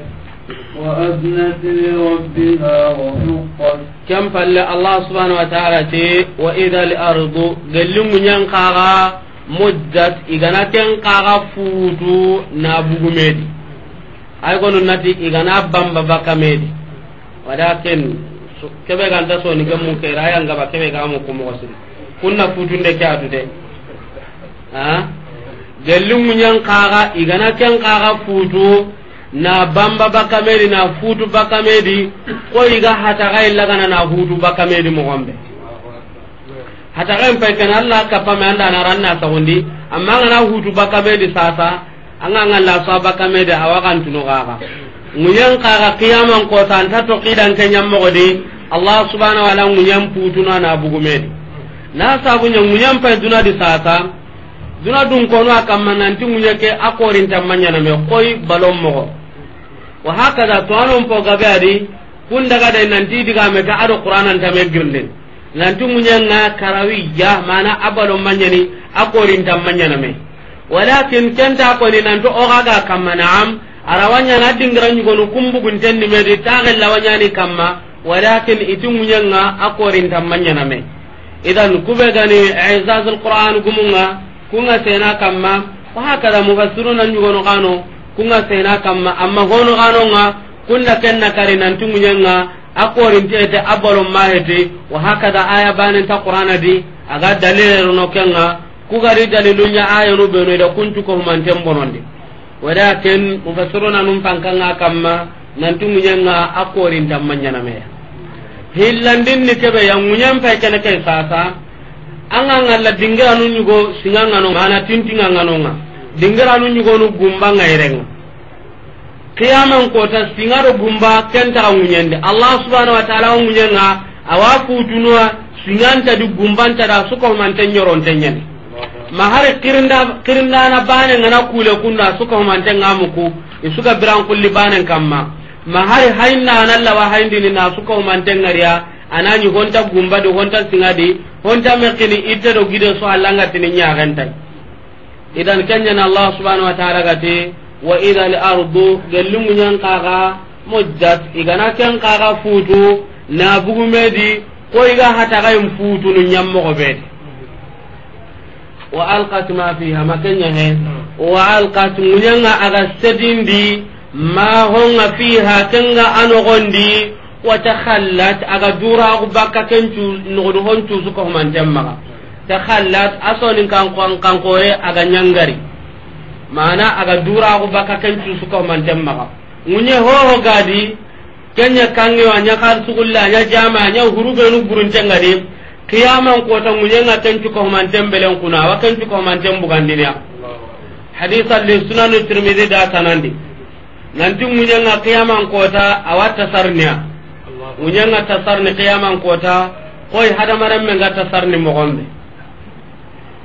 wa adnat li rabbiha wa huqqat kam falla allah subhanahu wa ta'ala ti wa idzal ard gallum nyankara muddat igana ten kara futu na bugumedi ay gonu nati igana bamba bakamedi walakin kebe ganta soni gamu kera ayan gaba kebe gamu kumo wasiri kunna futunde ke atude ha gelli munyan kaga igana ken kaga futu na bamba bakamedi na futu bakamedi ko iga hata ga illagana na futu bakamedi mo gombe hata ga impai kan Allah kapame anda na ranna sawondi amma ngana hutu bakamedi sasa anga ngalla ba kame de hawa kan tuno gaga munyan kaga qiyaman ko tan ta to qidan ke nyam mo de allah subhanahu wa ta'ala munyan putuna na bugume na sabu nyam munyan pa duna di sata duna dun ko na kam nanti munya ke akorin tan manya na me koy balom mo wa hakaza to anon po gabe adi kun daga de ti diga me ka ado qur'anan ta me girnden nanti munya na karawi ya mana abalo manyani akorin tan manya na me walakin kenta koni nanto ogaga kamma naam arawanya na dingira nyugonu kumbuguntenni medi ni kamma walakin iti akorin a name idan kube gani izaz alquran gumunga kunga sena kamma wahakada mufassiruna nyugono kanu kunga sena kamma amma hono kanu nga kunda kenna kari nanti ŋuñanga a korintete a balon maheti wahakada aya banen ta qur'ana di aga dalileruno kenga kugari dalilunya ayanu beno ida kuntu ko humanten bonondi walakin mufassiruna num pankanga kamma nantu munyenga akorin tammanyana me hillandin ni kebe yang munyen pa kene kai sasa anga ngalla dingira nu nyugo singanga no mana tintinga nganonga dingira nu nyugo nu gumba ngairenga qiyaman kota singaro gumba kenta munyende allah subhanahu wa ta'ala munyenga awa kutunwa singanta du gumbanta da suko manten nyoron tenyene ma har kirinda kirinda na bane ngana kule kunna suka humante ngamuku isuka biran kulli bane kamma ma har hainna na lawa ni na suka mante ngariya anani honta gumba do honta singadi honta mekini ite do gido so allanga nya nyaaganta idan kanyana allah subhanahu wa ta'ala gati wa idha al-ardu gallungu nyankaga mujjat igana kan kaga futu na bugumedi ko iga hataga futu nu nyammo ko bedi wa alqat ma fiha makanya he wa alqat munyanga aga sedindi ma honga fiha kenga anogondi wa takhallat aga dura ku bakka kencu nogodo honcu su ko man jamma takhallat asonin kan kan kan koe aga nyangari mana aga dura ku bakka kencu su ko man jamma munye ho ho gadi kenya kangewa nya kar sugulla nya jama nya hurubenu burunte ngadi qiyaman kota ŋuñenga man cukohumanten belen kuna wa awa ken cukohumanten bugandiniya hadisa li sunanu tirmidhi da sanandi nanti ŋuñenga qiyaman kota awa tasarniya ŋuñenga tasarni qiyaman kota koy hada men hadamarenmenga tasarni mogonɓe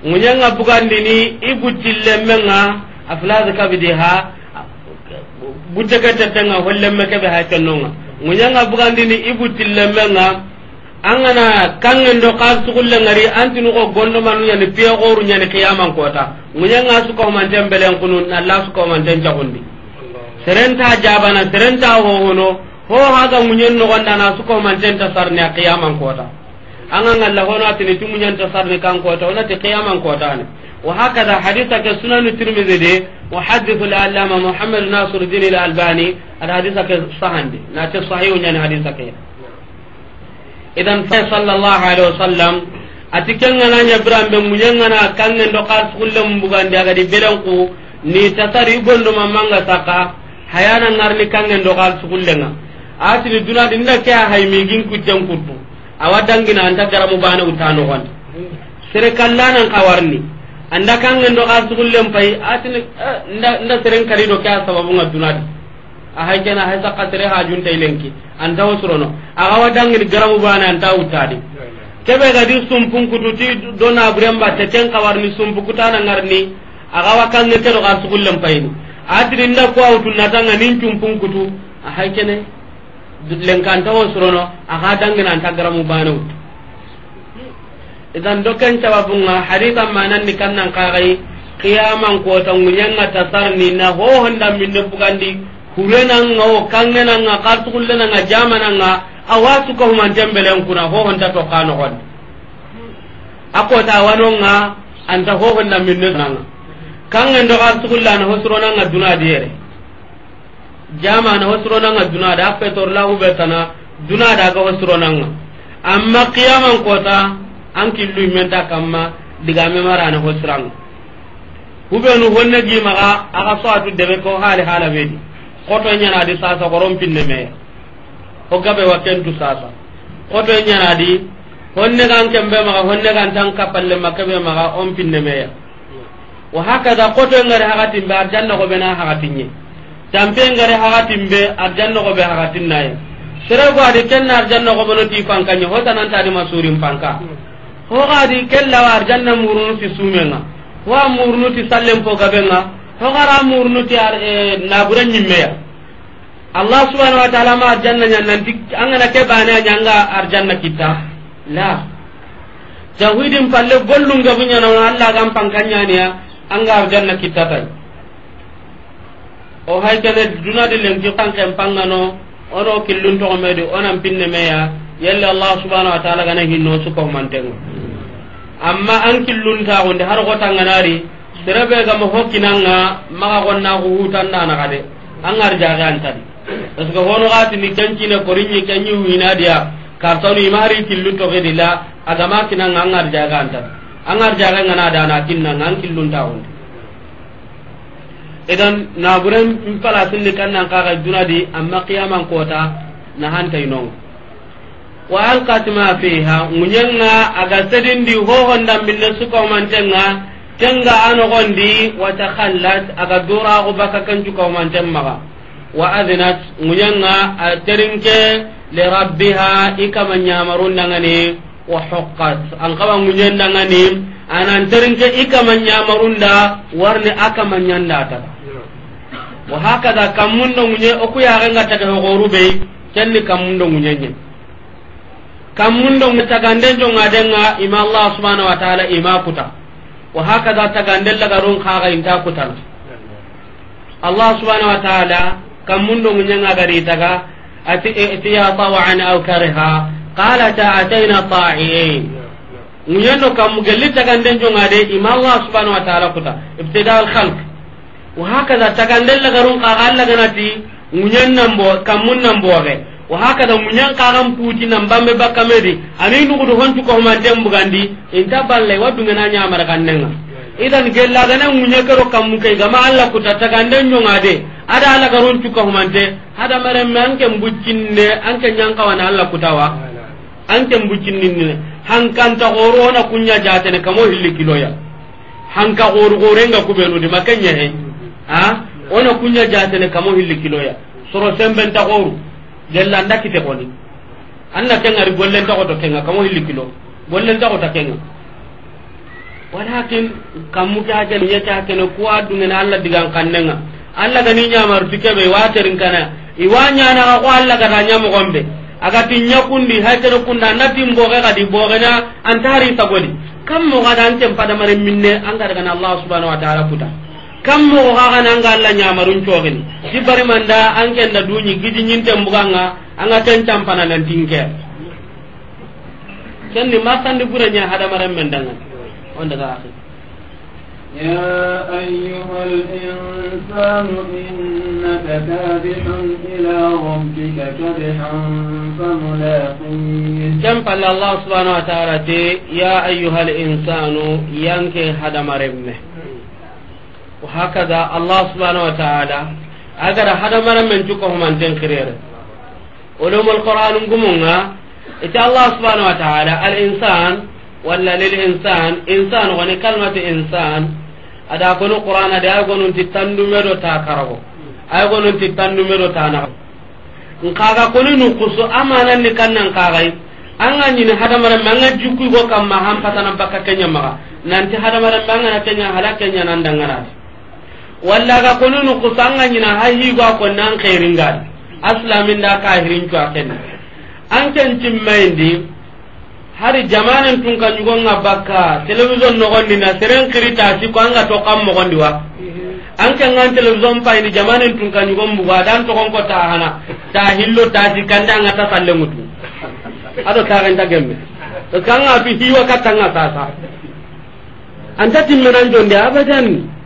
ŋuñenga bugandini i buttillenmenga ka bi ha butte ketettenga hollemme keɓe ha dinni ibu bugandini men na angana kangen do kaas tugulle ngari antinu ko gondo manu yani piya goru yani qiyaman kota munya nga su ko man tembelen kunun la su ko man tan jagundi serenta jabana serenta ho hono ho haga munya no wanda na su ko man tan ya qiyaman kota angan Allah hono atini tumunyan tasarne kan kota ona ti qiyaman kota ne wa de wa hadithu al-allama muhammad nasiruddin al albani al الدين الألباني sahandi na دي ناتي ne haditha ke. idan fa sallallahu alaihi wasallam ati kengana nya birambe munyangana kangen do kas kullum bugan daga di belenku ni tasari bondo mamanga saka hayana ngarli kangen do kas kullenga ati ni duna dinna ke hay mi gin kujjam kutu awadangina anta garamu bana utano kon sere kallana kawarni anda kangen do kas kullum pai ati eh, nda nda sereng kali do ka sababu ngaduna ahay kena ahay ha junta ilenki anta aga agawa ni garamu bane anta wuttadi kebe gadi sumpun kututi do naburemba teten ni sumpu kutana ngarni agawa kange tero gar sukul payini atiri nda ko awtu natanga nin cumpun kutu ahay kene lenkanta wasurono aga dangini ta garamu bana wuttu idan doken cababunga hadisa mananni kannan kaxay qiyaman kota ŋuñanga tasarni na hohondaminne bugandi hurenanga kangenanga kartugullenanga jamananga awa sukahumantembelen kuna hohonta tokka nogondi akota awanonga anta hohonda minnenanga kangendo kartugullana hosironanga dunadi yere jamana hosironanga dunadi da hubetana dunadi aga hosironanga amma qiyaman kota an killu menta kamma digame marana hosiranga hubenu honne gimaga aga soatu debe ko hali hala bedi koto e nyana di sasa koron pinne me ho gabe wa kentu sasa koto e nyana di honne kan kembe ma honne kan tan kapalle makabe ma on pinne me ya wa hakaza koto e ngare hakati be arjanna ko bena hakati nyi tampe ngare hakati be arjanna ko be hakati nayi sere ko adi kenna arjanna ko bono ti panka nyi ho tanan tadi masurin panka ho adi kella arjanna murunu ti sumenga wa murunu ti sallen po gabenga hogara murnuti e, nabure ñimmeya allah subhanau wa taala ma arjanna ñannanti angana ke baneya ñanga arjanna kitta la tawhidin palle gollungabu ñanao allah gan pankanñaniya anga arjanna kitta tay o hay kene dunadi lenki kanken pangano ono killun toxomedi onan pinnemeya yelle allah subhanau wa taala gana hinno sukohumantenga amma an killuntaxunde har gotanganari serebe ga mo hokkinanga maga gonna ko hutanna naga de an arjaxe antadi parce que hono gatini kencine korinñi kenñi winadiya kartanu imari to toxedi la agama kinanga an arjaxe antadi an arjaxe ngana dana kinnanga an killuntawundi idan buren in palasinni kannan duna di amma qiyaman kota na nahantayinongo wa alkat ma fiha ŋuñenga aga sedindi hohondambille mantenga kenga anogondi watakhallat aga go baka kencukaumanten maga wa adnat munyanga a terinke rabbiha i kama nangani wa huqqat an kama ŋuñendangani anan terinke i kama da warne a kama ta wa hakada kammundo ŋuñe okuyaxenga tage hoxorubey kenni kammundo ŋuñeñe kammundo ŋu tagandenjongadenga ima allah subhanahu wa taala ima kuta wa hakaza tagandella garun kaga taga ati itiya tawan aw ta kam gelli ima allah subhanahu wa ta'ala kuta ibtida al khalq wa hakaza garun ganati nambo nambo wa hakada munyan karam puti nan bambe bakamedi ani nugudu hontu ko ma dem bugandi inta balle wadu ngana mar kannenga idan gella gana munye karo kammu kai gama alla ku tatagande nyonga de ada ala garon tu ko de ada mare manke mbuccinne anke nyanka wana alla han kan ta hankanta na kunya ne kamo hilli kiloya hanka goru gorenga kubenu de makanya he ha ona kunya ne kamo hilli ya soro ta goru gella anda kite boni anna kenga ri gollen ta goto kenga kamo hilli kilo gollen ta goto kenga walakin kamu ka ga niya ta kenga ko adunga na Allah digan kannenga Allah ga ni nyamar wa waterin kana iwanya na ko Allah ga nya mo gombe aga tinya kundi hajere na nati mboge ga di bo ga na antari goli kam mo ga dan tem pada mare minne an ga daga Allah subhanahu wa ta'ala kuta kam mo ga ga nan ga Allah nyamarun cogin si bari manda an ken da dunyi gidi nyinte mbuganga an ga tan tampana nan tinke ken ni masan di buranya hada maran mendanga on daga akhir يا أيها الإنسان إنك كادح إلى ربك كدحا فملاقيه كم قال الله سبحانه وتعالى يا أيها الإنسان ينكي هدم رمه وهكذا الله سبحانه وتعالى أجر هذا مرة من جوكهم أن تنكرير علوم القرآن قمونا إتى الله سبحانه وتعالى الإنسان ولا للإنسان إنسان وني كلمة إنسان أدا كون القرآن أدا كون تتندو مدو تاكره أدا كون تتندو مدو تانغ nkaga koni nukusu amana ni kannan kagai an ga nyini hadamaren ma an ga jukku go kamma han patana bakka kenya maga nanti hadamaren ma an ga na kenya hala kenya nan dangana walla ga konunu kusanga nyina ha higo ko nan khairin gal aslamin da kahirin to akenna an kan timmayndi hari jamanan tun kan yugo ngabaka television no gondi na seren kirita ci ko anga to kam mo gondi wa an kan ngan television pa ni jamanan tun kan yugo mbuga dan to kon ko ta hana ta hillo ta ci kanda anga ta salle mutu ado ta ganta gembe to kan abi hiwa katanga sasa anta timmenan jonde abadan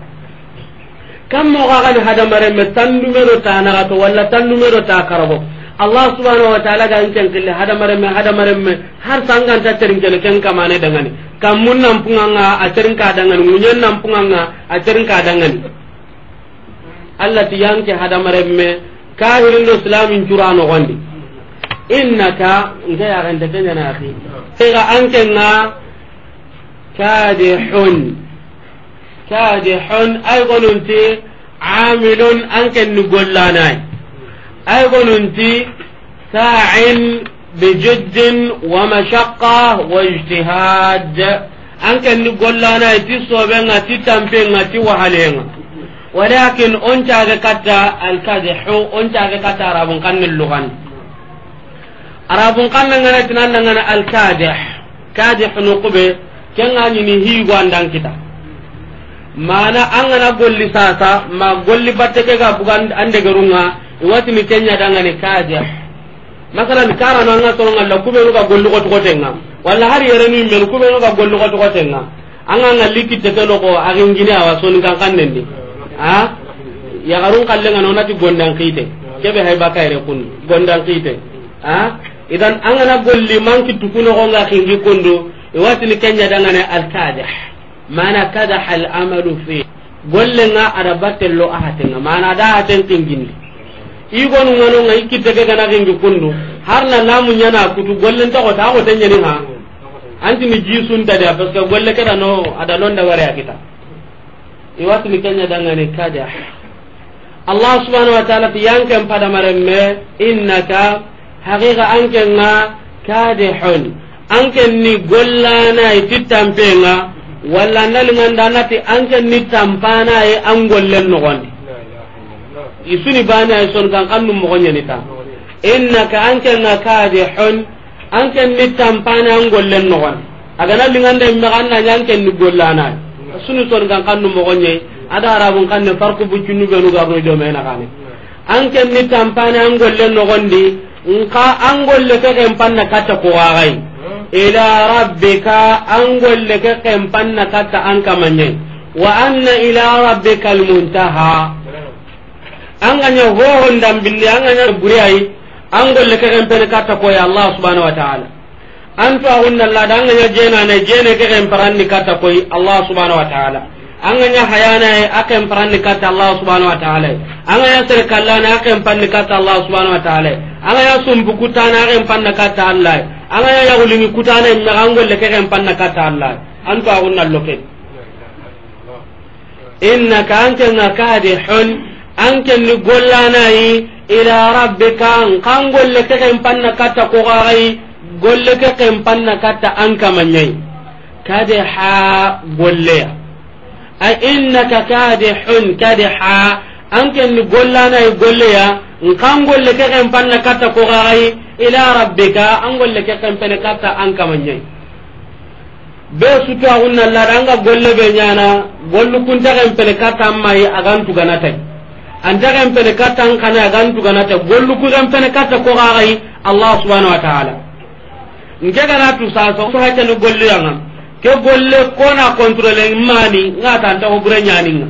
kam mo ga gani hada mare me tandumero ta na to walla tandumero ta karabo allah subhanahu wa ta'ala ga anken kille hada mare me hada mare me har sangan ta terin kele ken kamane dangani kam mun nan punganga a terin ka dangani munyen nan punganga a terin ka dangani allah ti yanke hada mare me kahirin do islamin curano gondi innaka nge ya gande kenya na akhi sai an anken na kadihun sajihun ay gonunti amilun an kenni gollanai ay gonunti sa'in bijiddin wa mashaqqa wa ijtihad an kenni gollanai ti sobenga ti tampenga ti wahalenga walakin on caage katta ngana ngana kadih kenga kita mana gana golli sasa ma golli batte ke ga bugan ande garunga iwati mi kenya dangane kaja masalan kara no anga toronga la kube ga golli ko to tenga wala har yere ni men kube ga golli ko to tenga anga ngalli kitte ke loko agingine awa soni kan kannendi ha ya garun kallenga no nati gondang kite kebe hay bakayre kun gondang kite ha idan an gana golli manki tukuno ko nga kingi kondo iwati ni kenya dangane al kaja mana kadaha al'amalu fi gollenga ada batello nga mana ada ahaten i gonu ngano nga ikitege gana gengi kundu harna lamu nyana kutu gollen to ko ta ko tanyani ha anti ni jisun ta da parce que golle kada no ada londa wara kita iwatu ni kenya danga ni kada Allah subhanahu wa ta'ala tiyankan pada maremme innaka haqiqa ankenga kadihun anken ni gollana ititampenga wala walla nati anke ni tampanaye an no nogondi isuni e son kan kan nu mogoñeni ta innaka anke na kaje hon anke ni tampanaye an gollen aga agana lingande mmexa annañi anke ni gollana sunu son kan kan nu mogoñe ada arabun kan ne farku buccunnu ɓenu garnu na kan anke ni tampanaye an gollen di nka an golle ke ken panna katta kuxaxayi ila rabbika an golle ke kempanna katta an kamanye wa anna ila rabbika almuntaha an ganya hoohon ndambille an ganya guri ayi an golle ke kempene katta koy allah subhanahu wa ta'ala an to hunna la dan ganya jena ne ke kemparanni katta koy allah subhanahu wa ta'ala anganya hayana akem paranni kata Allah subhanahu wa ta'ala anganya serkallana akem panni kata Allah subhanahu wa ta'ala anganya sumbu kutana akem panna kata Allah anganya yagulingi kutana inna angol leke akem panna kata Allah antu na loke innaka anke ngakadi hun anke ni gollanai ila rabbika kan golle ke akem panna kata ko gai golle ke akem panna kata anka manyai kade ha golleya a innaka kadihun kadiha an kenni gollanai golleya nkan golle ke ken panna katta kogaxayi ila rabbika an golle ke ken pene katta an kamañayi be sutu axunna lada anga golle ɓe ñana gollu kunte ken pene katta an mayi agan tuganatai anta ken pene katta an kane agan tuganatai gollu ku ken pene katta kogaxayi allah subhanau wa taala nke ganatu sasa hakeni golluyangam ke golle kona controle mani nga tan ta obure nyani nga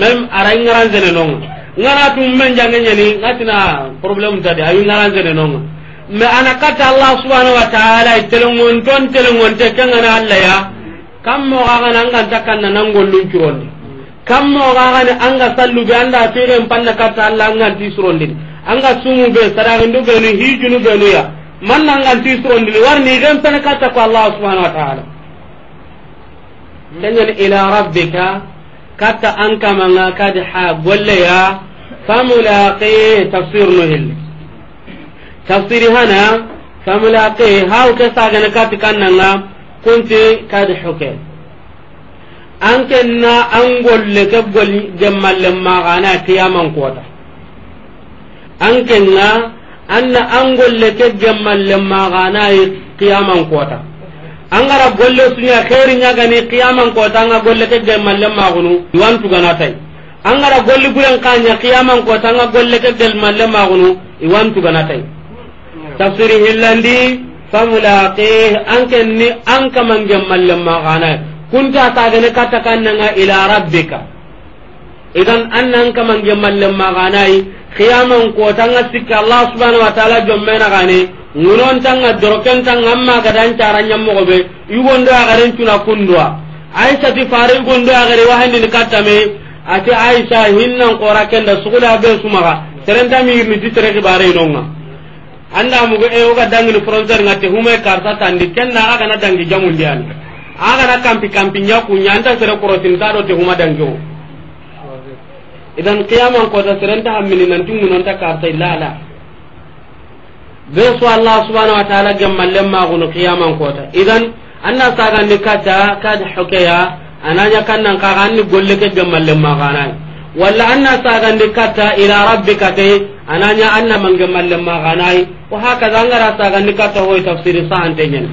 mem ara ngaran zene nonga ngana tum men jange nyani ngatina problem tadi ayu ngaran zene nonga me ana kata allah subhanahu wa taala telongon ton telongon te kangana allah ya kam mo ga nan kan takanna nan gollun curondi kam mo ga ga anga sallu be anda tere panna kata allah ngan ti surondi anga sumu be sadaga ndu be ni hijunu be ya man na ngan ti surondi warni gem tan kata ko allah subhanahu wa taala kenyen ila rabbika katta an kamanga kadi ha golle ya famulaqi tafsir no tafsiri hana famulaqi ha ke sagana kati kannanga kunti kadi huke an kenna an golle ke golli gemmalle magana tiyaman kota an kenna anna an golle ke gemmalle magana tiyaman kota angara golle sunya khairin ya gani qiyaman ko tanga golle ke gel malle magunu wan tu gana tai angara golle ka nya qiyaman ko tanga golle ke gel malle magunu wan tu gana tay tafsiri hillandi famulaqih anken ni anka mangem le magana kunta ta gane kata nga ila rabbika idan annan kaman gemmalle maganai qiyaman ko tanga sikka allah subhanahu wa ta'ala na gane ŋunon tanga doroken tanga amma ga dan cara nyammo go be yugondo agaren tuna kundwa aisha ti fare yugondo agare wahandi ni katame ati aisha hinnan qora kenda sugula be sumaga serenta mirni ti tere bare nonga anda mu go e o ga dangi frontier ngate hume karta tandi kenna aga na dangi jamun dian aga na kampi kampi nyaku nyanda sere korotin tado te huma dangi idan qiyaman ko da serenta hammini nan tungu non ta karta ilala be so allah subhanahu wa ta'ala gemmallen magunu qiyaman kota idan anna sagandi katta kad hokeya ananya kannan kaga anni golle ke gemma gemmallen maganai walla anna sagandi katta ila rabbika te ananya anna man gemmallen maganai wa haka zangara sagandi katta hoy tafsiri sahante nyen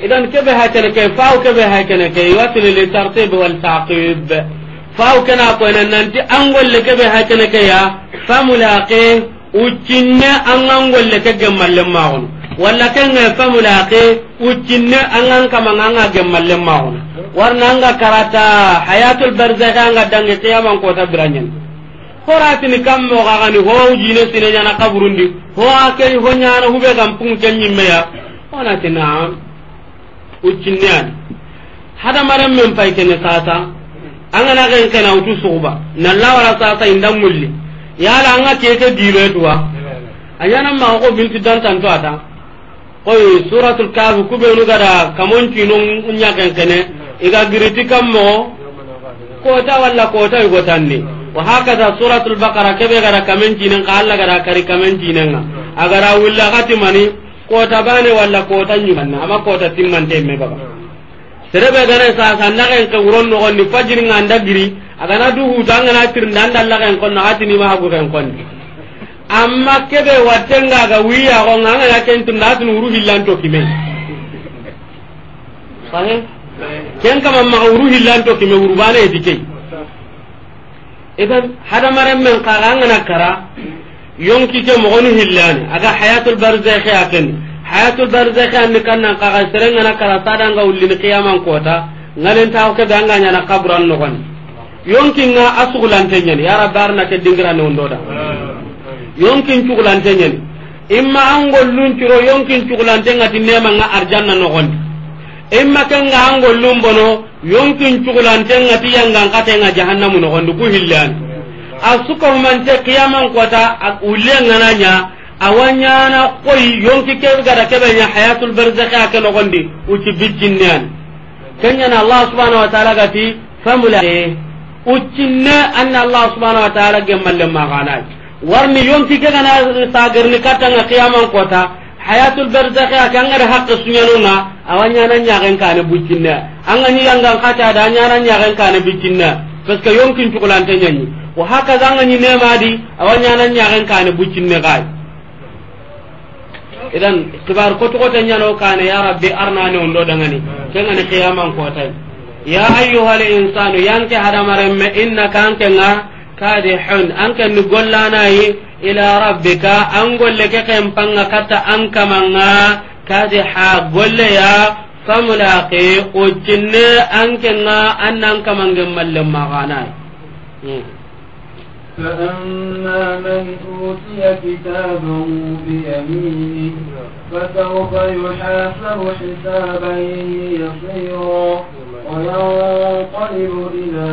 idan ke kebe hakene ke fao ke faaw kebe hakene ke yatli li tartib wal taqib faaw kana ko nanti an golle kebe hakene ke ya famulaqi uccinne angan golle ke gemmallen maxunu walla kenge famulake uccinne angan kamanga anga gemmallen maxunu warna anga karata hayatul barzakh anga dange qiyaman kota biranyen horatini kam moxaxani ho ujine sine ñana kaburundi ho ake ho ñana huɓe gam pung ke ñimmeya onati naam uccinne ani hadamaren men pay kene sasa angana xen kena utu suxuba nalla wara sasa inda mulli yala anga keke dire tuwa ayana ma ko binti dan tan to ata koy suratul kahf ku be lu gara kamon non unya kan kene iga giriti kammo ko ta walla ko ta go tanni wa hakata suratul baqara kebe gara kamen kinen ka alla gara kari kamen kinen nan agara wulla gati mani ko ta bane walla ko ta nyumanna ama ko ta timman te me baba serebe gane sa sa na ke ko ron no ni fajiri nganda giri agana du hutu an gana tirnde an dalla ken konno atini ma hagu ken konno amma kebe wattenga ga wiya ko ngana ya ken tirnde atini uru hillan to kime sahe ken kama ma uru hillan to kime uru bana edike idan hada maran men qara ngana kara yonki ke mogoni hillani aga hayatul barzakhi aken hayatul barzakhi an kanna qara serenga na kara sadanga ulli qiyamang kota ngalen taw ke danga nyana kabran no kon nga a sugulante ñani ya rabbi arna ke dingirane wondoda yonkin cugulante ñani imma an golluncuro yonkin cugulante ngati nemanga arjanna nogondi imma kenga nga gollun bono yonkin cugulante ngati yangankatenga jahannamu nogondi ku hillani a sukahumante kiyaman kota ullengana ña awa na koyi yonki ke gada keɓeña hayatul berzeke ake nogondi uci biccinneani kenñana allah subhanahu wa taala gati famulare uccinne anna allah subhanahu wa ta'ala gemalle maganay warni yonti ke gana sagarni katanga qiyaman kota hayatul barzakh ya kangar haqq sunyanuna awanya nan nyaren kane buccinne angani yanga kata da nyana nyaren kane buccinne parce que yonki tukulante nyanyi wa haka zanga ni nemadi awanya nan nyaren kane buccinne gai idan kibar kotu kota nyano kane ya rabbi arna ne ondo dangani kengani qiyaman kota ya al insanu yanke inna innaka ankenga kadihun anke ni yi ila rabbika an golle ke panga kata an kamanga kadiha golle ya famulaqi ujinne ankenga annan kamange malle maganayi فأما من أوتي كتابه بيمينه فسوف يحاسب حسابا يسيرا وينقلب إلى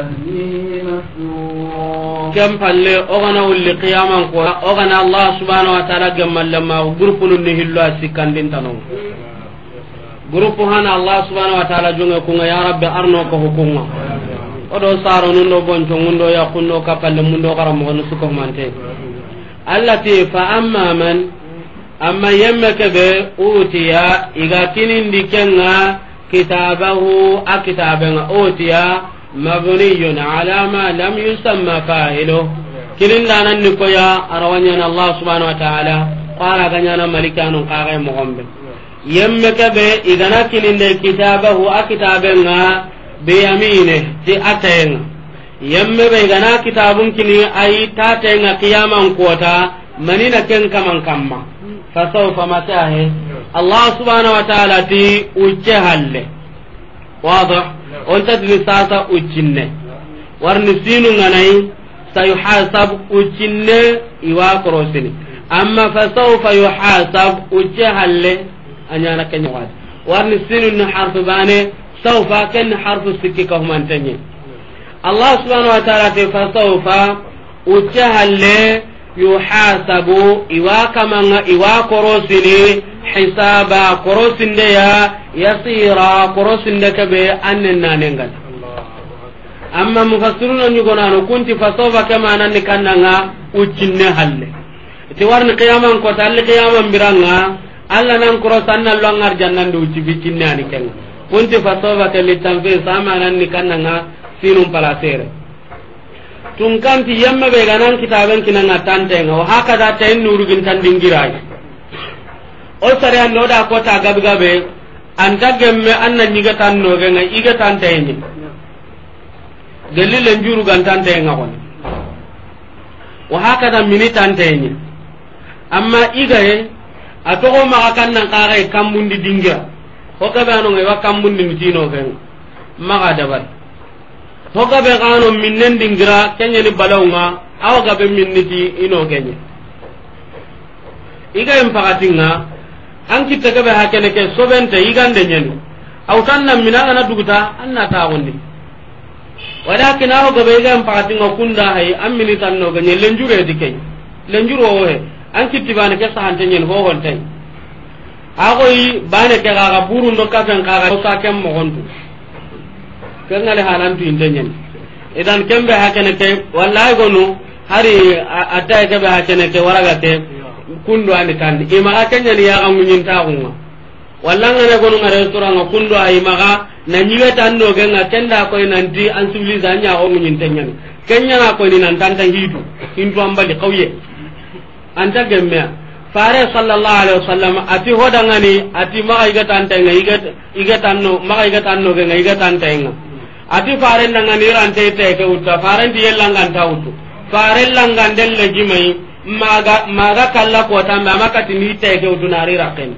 أهله مسرورا كم فالي أغنى لقياما أغنى الله سبحانه وتعالى جمع لما غرف نهلوا سكان دينتنو غرف هنا الله سبحانه وتعالى جمع كونغ يا رب أرنوك هكونغ odo saro nundo bonco mundo yakunno kapalle mundo karamogono sukohmante allati fa amma man amma yemme keɓe utiya iga kinindi kenga kitabahu a kitabenga otiya mabniyun ala ma lam yusamma fa'ilu kilindanan ni koya arawanyana allah subhanahu wa ta'ala qara ganyana malikanu qara mogombe yemme kebe igana kilinde kitabahu a kitabenga be yamine ti atenga yemme be igana kitabun kini ayi tatenga kiyaman kota manina kaman kamma fasawfa matahe allah subhanahu wa ta'ala ti ucce halle on tatini sasa uccinne warni sinu sayuhasab uccinne iwa korosini amma fasawfa yuhasab ucce halle anyana kenya wadi warni sinu ni harfu bane sawfa ken harfu sikki allah subhanahu wa ta'ala ti fasawfa ucce halle yuhasabu iwa kamanga iwa korosini hisaba korosinde ya yasira korosinde kebe annen nanen amma mufassiruna ñugonano kunti fasofa kemananni kannanga uccinne halle ti warni qiyaman kota alli qiyaman biranga allah nan korosannallo an arjannande ucci biccinne ani kenga kunti fasofa ke littanfi samananni kannanga sinum palasere tun kanti yemme be ganan kitaben kinanga tantenga o hakada tayin nurugin tandingirai o sare an noda ko ta gabe gabe anta gemme anna nyiga tan nogenga iga tan tayini gelile njuru gan tan tayenga wa o hakada mini tan tayini amma iga ye atogo kan kannan kaga kambundi dingira ho gabe anonga wa kambundi mitino kenga maga dabar. hoga be gano minnen dingira kenya ni balawnga awa ga be minniti ino kenya iga impagatinga an kitta ga be hakene ke sobente igande nyani aw tanna minanga na duguta anna ta gondi walakin awa ga be ga impagatinga kunda hay an minni tanno ga nyelen di kenye lenjuro o he an kitti bani ke sahante nyen ho hontai agoyi bane ke ga ga burun do ka ben ka ga sa kem mo gondu kengani hanantu inte ñen idan kembe hakene ke wallahi gonu hari attaye keɓe hakene ke waraga te kundu ani kandi imaxa keñani yaxa muñintaxunga ne gonu nga restaurant kundu a imaxa na ñiwetan do kenga kenda koy nanti an civilise an kenya na ko ni nan nantanta hiitu hintu an bali xawye anta gemme fare sallallahu alaihi wasallam ati hodangani ati maxa igatantenga igatanno maxa igatannogenga igatantenga ati faren nanga ni ran tay ke utta faren di yella ngan ta utu faren langa ndelle jimai maga maga kala ko ta ma maka ti ni tay ke uttu nari raken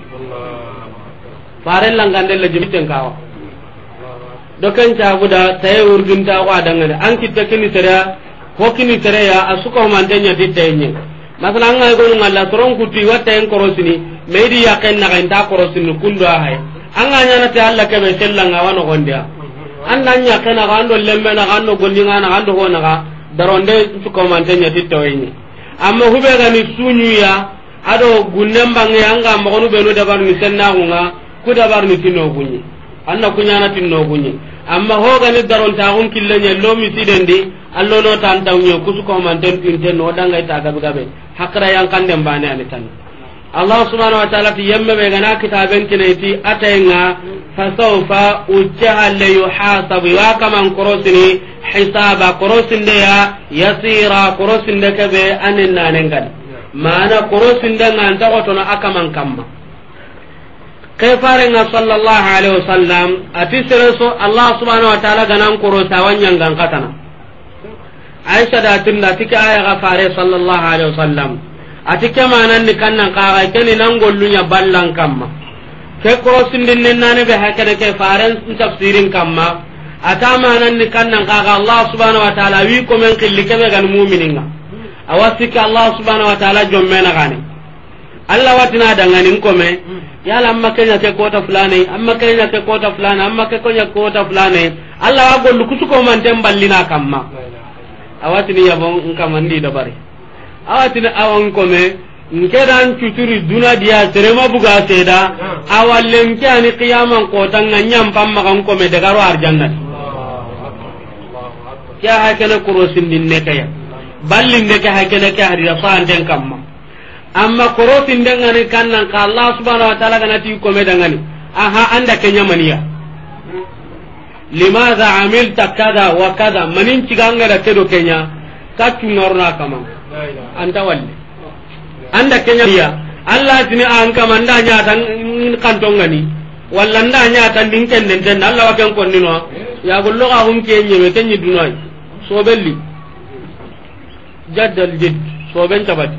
faren langa ndelle jimai ten kawa do kan ta guda tay urgin ta wa dangane an kitta kini tara ko kini tara ya asuka ma tanya di tayenye masala an ga gonu la toron kuti watta en korosini meidi yaqen na ga nda korosini kundo ahay an ga nyana ta Allah ke be sellanga wano gondia an nan nya kana ga ando lembe na ga ando gollinga na ga ando hona ga daronde su komante nya titto wini amma hube ga ni sunyu ya ado gunnem bangi anga mo kono be no dabar ni senna hunga ku dabar ni tinno gunyi anna kunya na tinno gunyi amma ho ga ni daron ta gun kille nya lo mi sidendi allo no tan tawnyo kusu ko mante tinten no danga ta gabe gabe hakra yang kandem bane ani tan allah subhanahu wa ta'ala ti yemme be gana kitaben kinaiti atayenga fasawfa ucce halle yuhasabu wa kaman korosini hisaba korosinde ya yasira korosinde kebe anen nanen gadi mana korosinde nga anta a kaman kamma ke farenga sallallahu alaihi wasallam ati sereso allah subhanahu wa ta'ala ganan korosa wanyangan katana aisha da tinda tika aya ga fare sallallahu alaihi wasallam ati kemananni kannan kaxa keni nan gollunya ballan kamma ke nan ne be hakene ke faren tafsirin kamma ata kan kannan kaga allah subhanahu wa taala wi men kille ke gani muminiga awa awasika allah subhanahu wa taala gani allah watina ko me yala amma kenya ke kota fulane amma nya ke kota fulane amma ke nya kota fulane allah wa gollu kusukomanten ballina kamma awatini kamandi da bari. awatin awan kome nke dan cuturi duna dia serema buga seda ah. awallen ke ani qiyaman kota nga nyam pam makan kome daga ro arjanna kya hakene kurosin dinne kaya ballin de ka hakene ka hadira fa anden kamma amma kurosin dangane kannan ka Allah subhanahu wa ta'ala kana ti kome dangane aha anda kenya maniya limadha amilta kada wa kada manin ciganga da kedo kenya kacu norna kamang anta an anda kenya dia allah tini an kama nda nya tan kantong ngani walla nda nya tan din ken den den allah wakan ni no ya gollo ga hun kenye me ni dunai so belli jaddal jid so ben tabati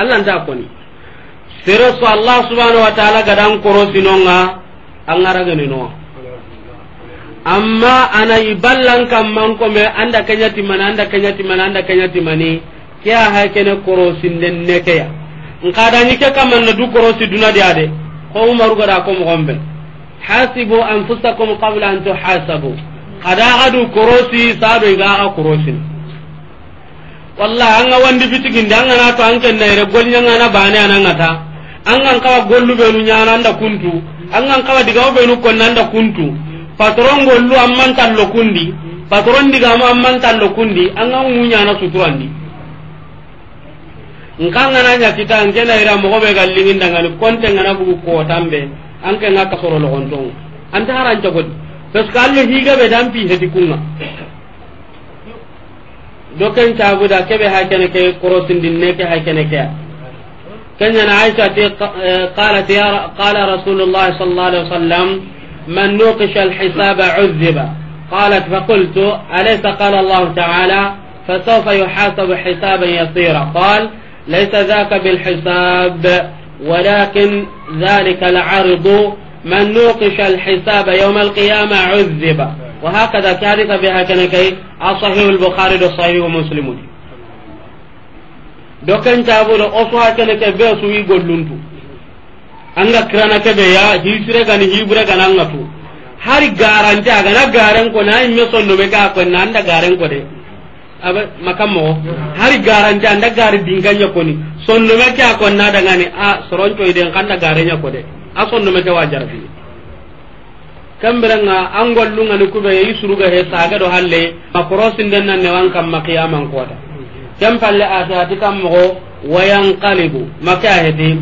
allah nda koni ni. so allah subhanahu wa ta'ala gadan korosinonga angara no amma anayi ballan kamman kome anda kenyatimani anda kenyatimani anda kenyatimani ke a hay kene korosinden nekeya nkadañi ke kamanna du korosi dunadi de. ko umaru gada ko gombe hasibu anfusakum qabla an tuhasabu kada adu korosi saɓe gaga korosini wallahi ga wandi bitiginde anga na to an anken nayre golñanga na bane ka angan kawa nu ñana anda kuntu an angan kawa digawo ɓenu konna anda kuntu patron gollu amman tallo kundi patron digamu amman tallo kundi anga munyana suturandi nkanga nanya kita anje na ira mogo be gallingin dangal konte ngana bugu ko tambe anke nga kasoro logontong anta haran jogot pes kallo higa be dampi hedi kunga doken tabu da kebe hakene ke korosin ne ke hakene ke kanya na aisha te qalat ya qala rasulullah sallallahu alaihi wasallam من نوقش الحساب عذب قالت فقلت أليس قال الله تعالى فسوف يحاسب حسابا يسيرا قال ليس ذاك بالحساب ولكن ذلك العرض من نوقش الحساب يوم القيامة عذب وهكذا كارثة بها كنكي صحيح البخاري وصحيح صحيح مسلم دو كان تابو دو أصوها كنكي بيسوي قلنتو anga kirana kebe ya hisire gani hibure gana anga tu hari garanti aga na garen ko na imme sonno be ga ko na anda garen ko de aba makam hari garanti anda gari dinganya ko ni sonno me ka ko na daga ni a soronco ide na garenya ko de a sonno me ka wajar bi kambiranga an gollunga ni kube yi suruga he saga do halle makorosin den nan ne wan kam makiyaman da kam palle ata tikam mo wayanqalibu maka hedi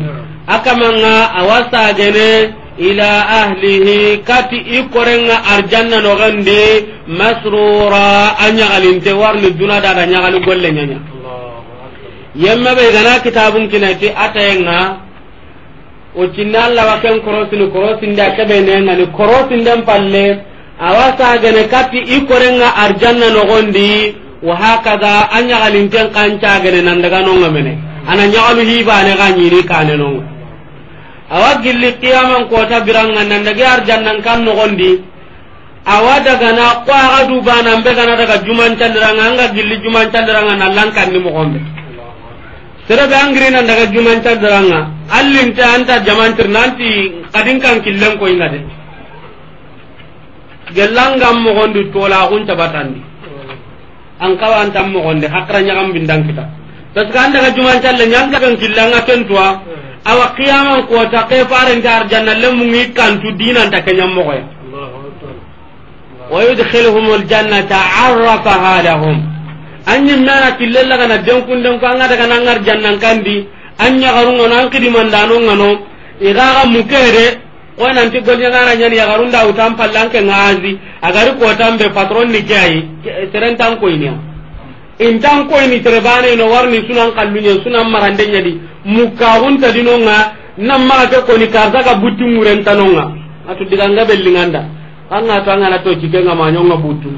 akamanga gene ila ahlihi kati ikorenga arjanna nogandi masrura alinte warni duna dada nyagali golle nya yemma be gana kitabun kinati atayenga o cinna Allah wa ken korosini korosinde akebe korosin dan palle gene kati ikorenga arjanna gandi wa hakaza gene nan daga no mene ana nyagalu ne ga nyiri kane nonga awa gilli qiyaman kota biranga nan daga arjannan kan gondi awa daga na ko aga dubana be kana daga juman candiranga anga gilli juman candiranga nan kan ni sira be angri nan daga juman candiranga ta anta jamantir nanti kadin kan killen ko inga de gelanga mogondi tola gunta batandi an kawa anta mogondi hakra nyagam bindang kita tas kan daga juman candiranga anga kan killanga tentua awa qiyama ko ta ke faran ngar janna mu ngi kantu dina ta kenyam mo ya wa yudkhiluhum aljannata arrafaha lahum anyi mana killella kana den kun den ko anga daga nangar jannan kandi anya garunga an kidi mandano ngano igaga mukere ko nan ti golnya ngara nyani ya garunda utam pallanke ngazi agari ko tambe patron ni jayi serentan ko ini intan ko ini terbane no warni sunan kallunya sunan marandenya di mukaxunta dinonga nan maxa ke koni karsaga butti murentanonga atu diganga bellinganda anga to angana to cikenga nga buttu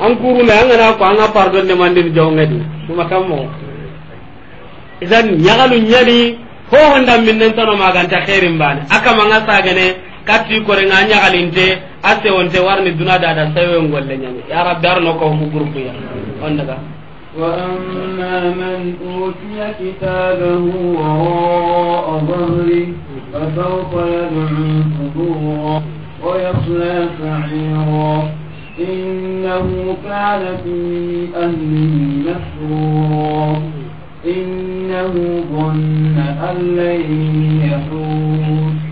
an kuru kurunde angana ko anga pardon de mandini jawngadi suma kammo idan ñagalu ñani hohondan minnen tono maganta xeerin bane akamanga sagene katti korenga ñagalinte a sewonte warni duna dada sawen golle ñani ya rabbi arno ko mu groupe ya on daga وأما من أوتي كتابه وراء ظهره فسوف يدعو ثبورا ويصلى سعيرا إنه كان في أهله مسرورا إنه ظن أن لن يحور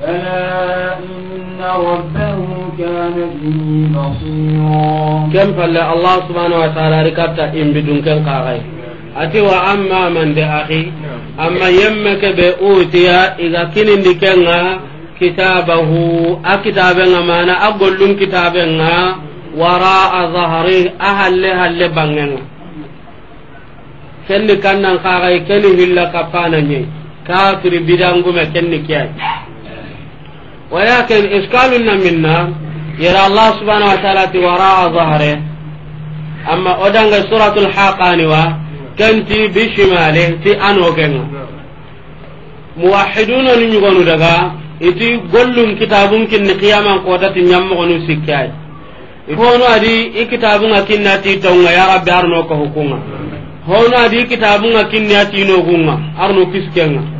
بلى إن ربه كان به بصيرا كم فلا الله سبحانه وتعالى ركبت إن بدون كن قاغي أتي وأما من دي أخي أما يمك بأوتيا إذا كن دكنا كتابه أكتابنا معنا أقول كتابنا وراء ظهره أهل هل بانغنا kenni kannan kaxay keni hilla kappananye kafiri bidangume kenni kiyay walakin iskalunna minna yara allah subhanahu wa taala ti waraa zahre amma odanga suratul haqani wa kanti bishimale ti anokenga muwahiduna ni ñugonu daga iti gollum kitabun kinni qiyaman kodati ñammogonu sikkay hono adi i kitabunga kinni ati tonga ya rabbi arno ka hukunga hono adi i kitabunga kinni atinogunga arno kiskenga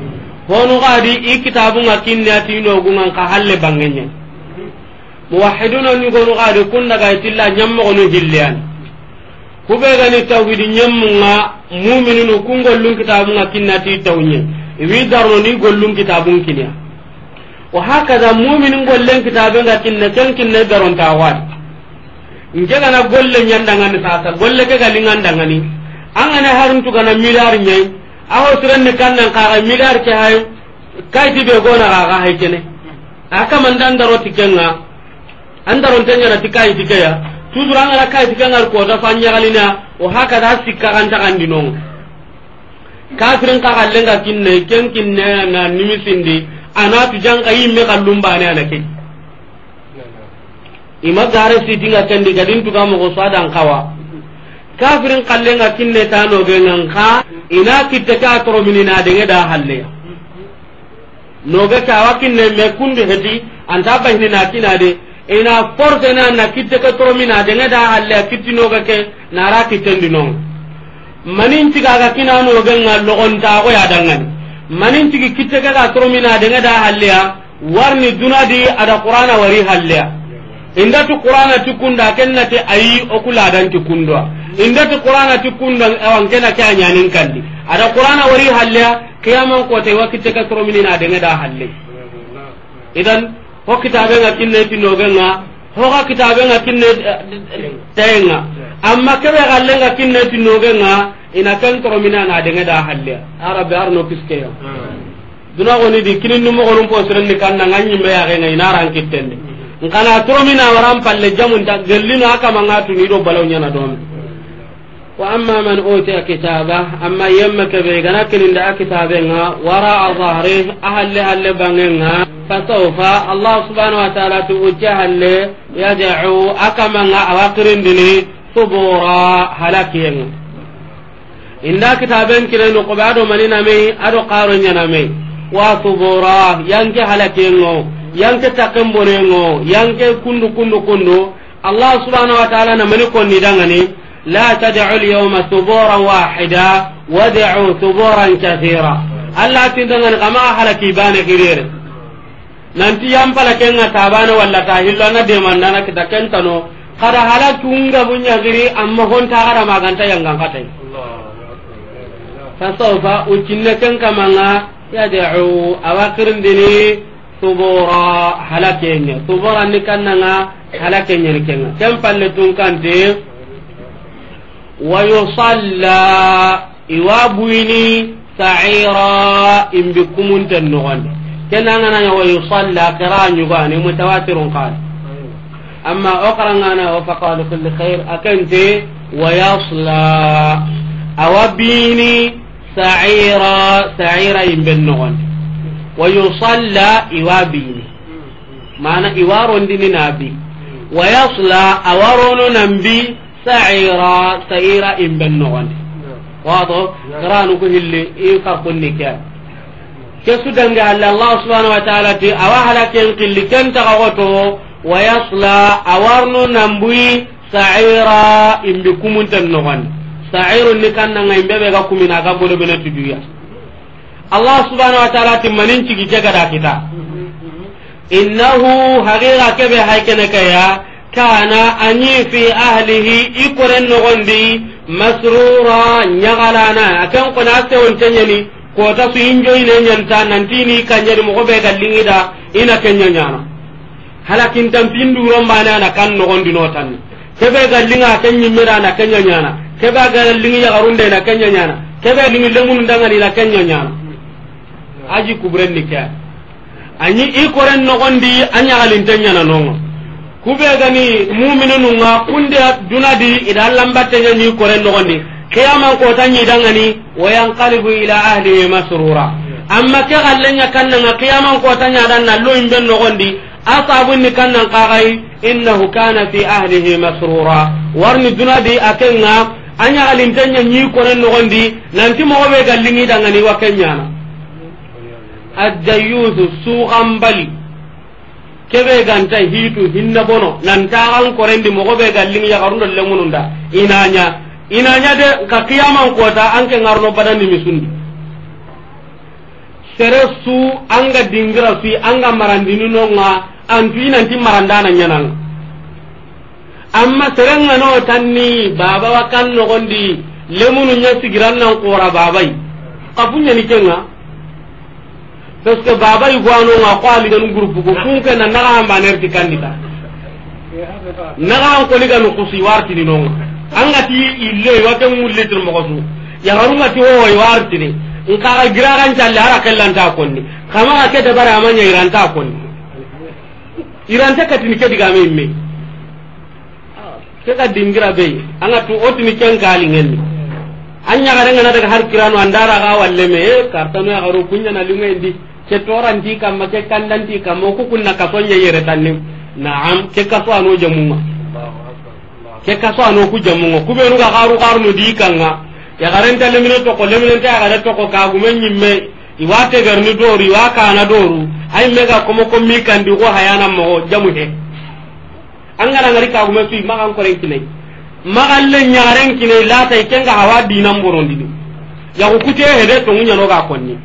honu gadi i kitabu nga kinne ati nogu nga ka halle bangenye muwahiduna ni gonu gadi kunda ga itilla nyammo gonu hillian kubega ni tawhid nyammo nga mu'minunu kungollun kitabu nga kinne ati tawnye iwi darno ni gollun kitabu kinya wa hakaza mu'minun gollen kitabu nga kinne ken kinne daron tawad njaga na golle nyandanga ni sasa golle ke galingandanga ni angana harun tugana milari nyai aho sirenni kannan kaxa milliard ke hay kayti ɓe gona xaxa hay kene a kaman dan daroti kenga an daronte ñanati kayti keya toujours angana kayti kengar kota fa ñagalina o hakata sikkaxantaxandinonga kafirin kaxa lenga kinne ken kinneanga nimisindi anatu janga yimme xallumbane ana ke ima gare sitinga kendi gadintuga moxo soadan kawa kafirin nga kinne ge nan ka ina kitte ka toro na denge da halle ge ka kinne me kundu hedi anta bahini na de ina force na na kitte ka toro mina denge da halle kitti noga ke na nara kitendi no manin ti ga kina no lo on ta ko ya dangan manin ki kitte ka toro mina denge da halle ya warni dunadi ada qur'ana wari halle ya inda tu qur'ana kenna kennati ayi okula dan tikundwa indati qur'ana tikunda awan kena ke nyanin kandi ada qur'ana wari halya kiyaman ko te wakit ka toro minina de ngada halle idan ho kitabe ga kinne tinno ga ho ga kitabe ga kinne tayna amma kebe halle ga kinne tinno ga ina kan toro minana de ngada halle arabe arno kiske yo duna goni di kinin numo gonum ni kan kanna nganyi me ya ga ina ran kitende ngana toro minana waran palle jamun ta gellino aka mangatu ni do balawnya na don wa amma man utiya kitaba amma yamma ke be gana kilinda a kitabenga wara azhari ahalle halle bangenga fasawfa allah subhanahu wa ta'ala tuujja halle yad'u akamanga awakirindini subura halakiyenga inda kitaben kirenu qobe ado manina me ado qaro nyana me wa subura yanke halakiyengo yanke takembonengo yanke kundu kundu kundu allah wa na mani konni dangani لا تدعوا اليوم ثبورا واحدا وادعوا ثبورا كثيرا الله تندن كما حلك بان غير nanti yampala kenga tabana walla ta hillana de mandana kita kentano kada hala tunga bunya giri amma honta kada maganta yang gangkatai fasawfa ucinne ken kamanga yad'u awakirin dini subura halakenya subura ni kannanga halakenya ni kenga kem palle tun kante ويصلى iwabuini saira imbi kumunte nogon kena ngana ya wayu salla qira nyugani mutawatirun qal amma okra ngana wa faqalu kul khair akante wayasla awabini saira saira imbi nogon wayu salla iwabini mana iwaron dinina bi wayasla awaronu nambi sa'ira sa'ira in ben nogondi wato garanu ku hilli in karkunni ke ke su allah subhanahu wa ta'ala ti awa halaken qilli ken taga goto wa yasla awarnu nambui sa'ira in bi kumunten nogondi sa'iru ni kanna ngai bebe ga kumina ga bodo bena tuduya allah subhanahu wa ta'ala ti manin cigi jaga kaya kana anyi fi ahlihi ikoren nogondi masrura nyagalana akan kona sewontanyani kota su injoyine ñanta nantini kanñadi mogo ɓe da ina halakin kenña ñana halakintanpindurombane ana kan nogondinotanni keɓe galliŋa ken ñimmira ana kenña ñana keɓe a galliŋi yagarunde na kenña ñana keɓe liŋi lemunudangani na kenña ñana aji kuɓurenni ke añi i koren nogondi a ñagalinte na nongo. kube gani mu'minunu nga kunde dunadi ida lambate ni kore nogondi kiyama ko tanyi ni wa qalbu ila ahli masrura amma ke gallenya kanna nga kiyama ko tanya danna lo imbe nogondi asabu ni kanna qagai innahu kana fi ahlihi masrura warni dunadi akenga anya alintanya ni kore nogondi nanti mo be gallingi dangani wa wakenya ad-dayyuz kebe ganta hitu hinna bono nan taxan korendi mogo be galling yagarundo lemununda inanya inanya de ka kiyaman kota ke ngarno badandi misundi sere su anga dingira sui anga fi nan ti marandana nyanan amma serenga no tanni baba wa kan gondi lemunu ña sigiran nan kora babai kafu ni kenga parce que baba yi gwano nga ko ali gan groupe ko kun ke na naga amba ner ti kandida naga an ko ni gan ko si warti ni non anga ti ille wa ke mulle tir mo ko su ya harunga ti wo warti ni in ka ga gira kan challe ara kellan ta ko ni kama ka ke da bara amanya iran ta ko ni iran ta ka tin ke diga me me ke ka dingira be anga tu otini ken kali ngenni an ñagare ngana daga har kirano andara ga walle me e eh, kartano ya garo kunya na lunga indi ke toranti kamma ke kallanti kamma ku kunna kasonya yere tanni na'am ke kaso ano jamunga ke kaso ano ku jamunga ku beru ga garu garu no dikanga ya garanta lemine to ko lemine ta ga to ko ka gumen nyimme iwate garni doru iwa kana doru ay mega komo ko mi kandi ko hayana mo jamu he angara ngari ka gumen fi magan ko ren kinai magan le nyaren kinai lata ikenga hawa dinam borondi ya ku kute hede to munya no ga konni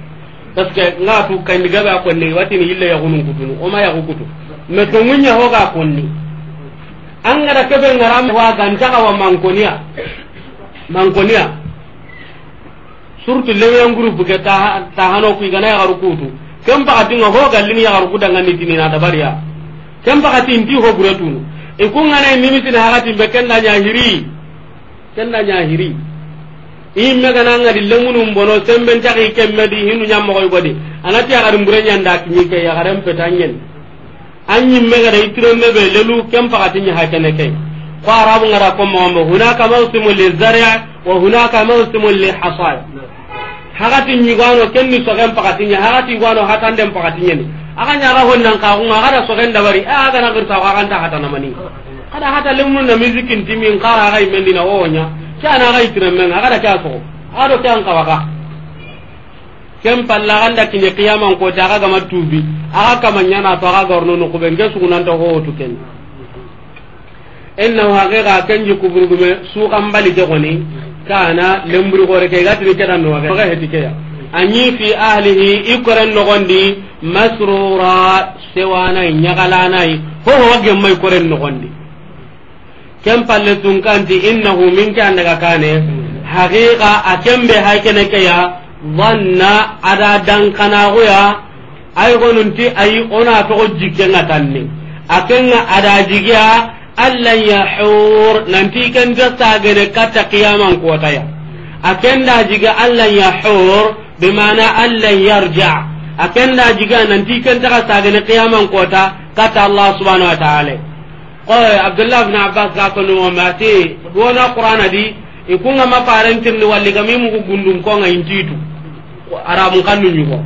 parce que nga tu kandi gabe akonni wati ni illa yahunu o ma yahu kutu me to munya ho ga an kebe ngaram wa wa mankonia mankonia yang group ke ta ta hano ku kutu ho ni ti ho e ngana ni be imme gana nga di lengunum bono semben taki kemme di hinu nyammo ko godi anati dum mbure nyanda ki ke ya garam petanyen anyi mega dai tirome be lelu kem pakati nya kene ke ko arabu ngara ko mo hunaka mawsimu lizari'a wa hunaka mawsimu lihasad ken ni so kem pakati nya hagati gwano hatandem pakati nya ni aga nya ga honnan ka ko ngara sogen dabari aga na girta ko aga ta hatana mani kada hata lemun na mizikin timin qara ga imendina wonya kana ga ikremen aga da ka ko ado kan kawaka kem palla anda kinye qiyamang ko ga gama tubi aga kamanya na to aga gorno no kuben ge an to to ken enna wa ga kubur gume su bali je goni kana lemburi gore ke ga tri kedan no ga heti ke ya anyi fi ahlihi ikoren no gondi masrura sewana nyagalana ho ho gemma ikoren no gondi kem palle tun kanti innahu min kan daga kane haqiqa akembe hakene kaya wanna ada dan kana goya ay gonun ti ay ona to jikke ngatanni akenga ada jigya alla yahur nanti kan jasta gene kata qiyaman ko taya akenda jiga alla yahur bimana alla yarja akenda jiga nanti kan daga sagene qiyaman ta kata allah subhanahu wa ta'ala koy abdullah ibn abbas ga ko no mati wona qur'ana di ikunga ma parentir ni walli ga mimu gundum ko nga intitu arabu kanu nyugo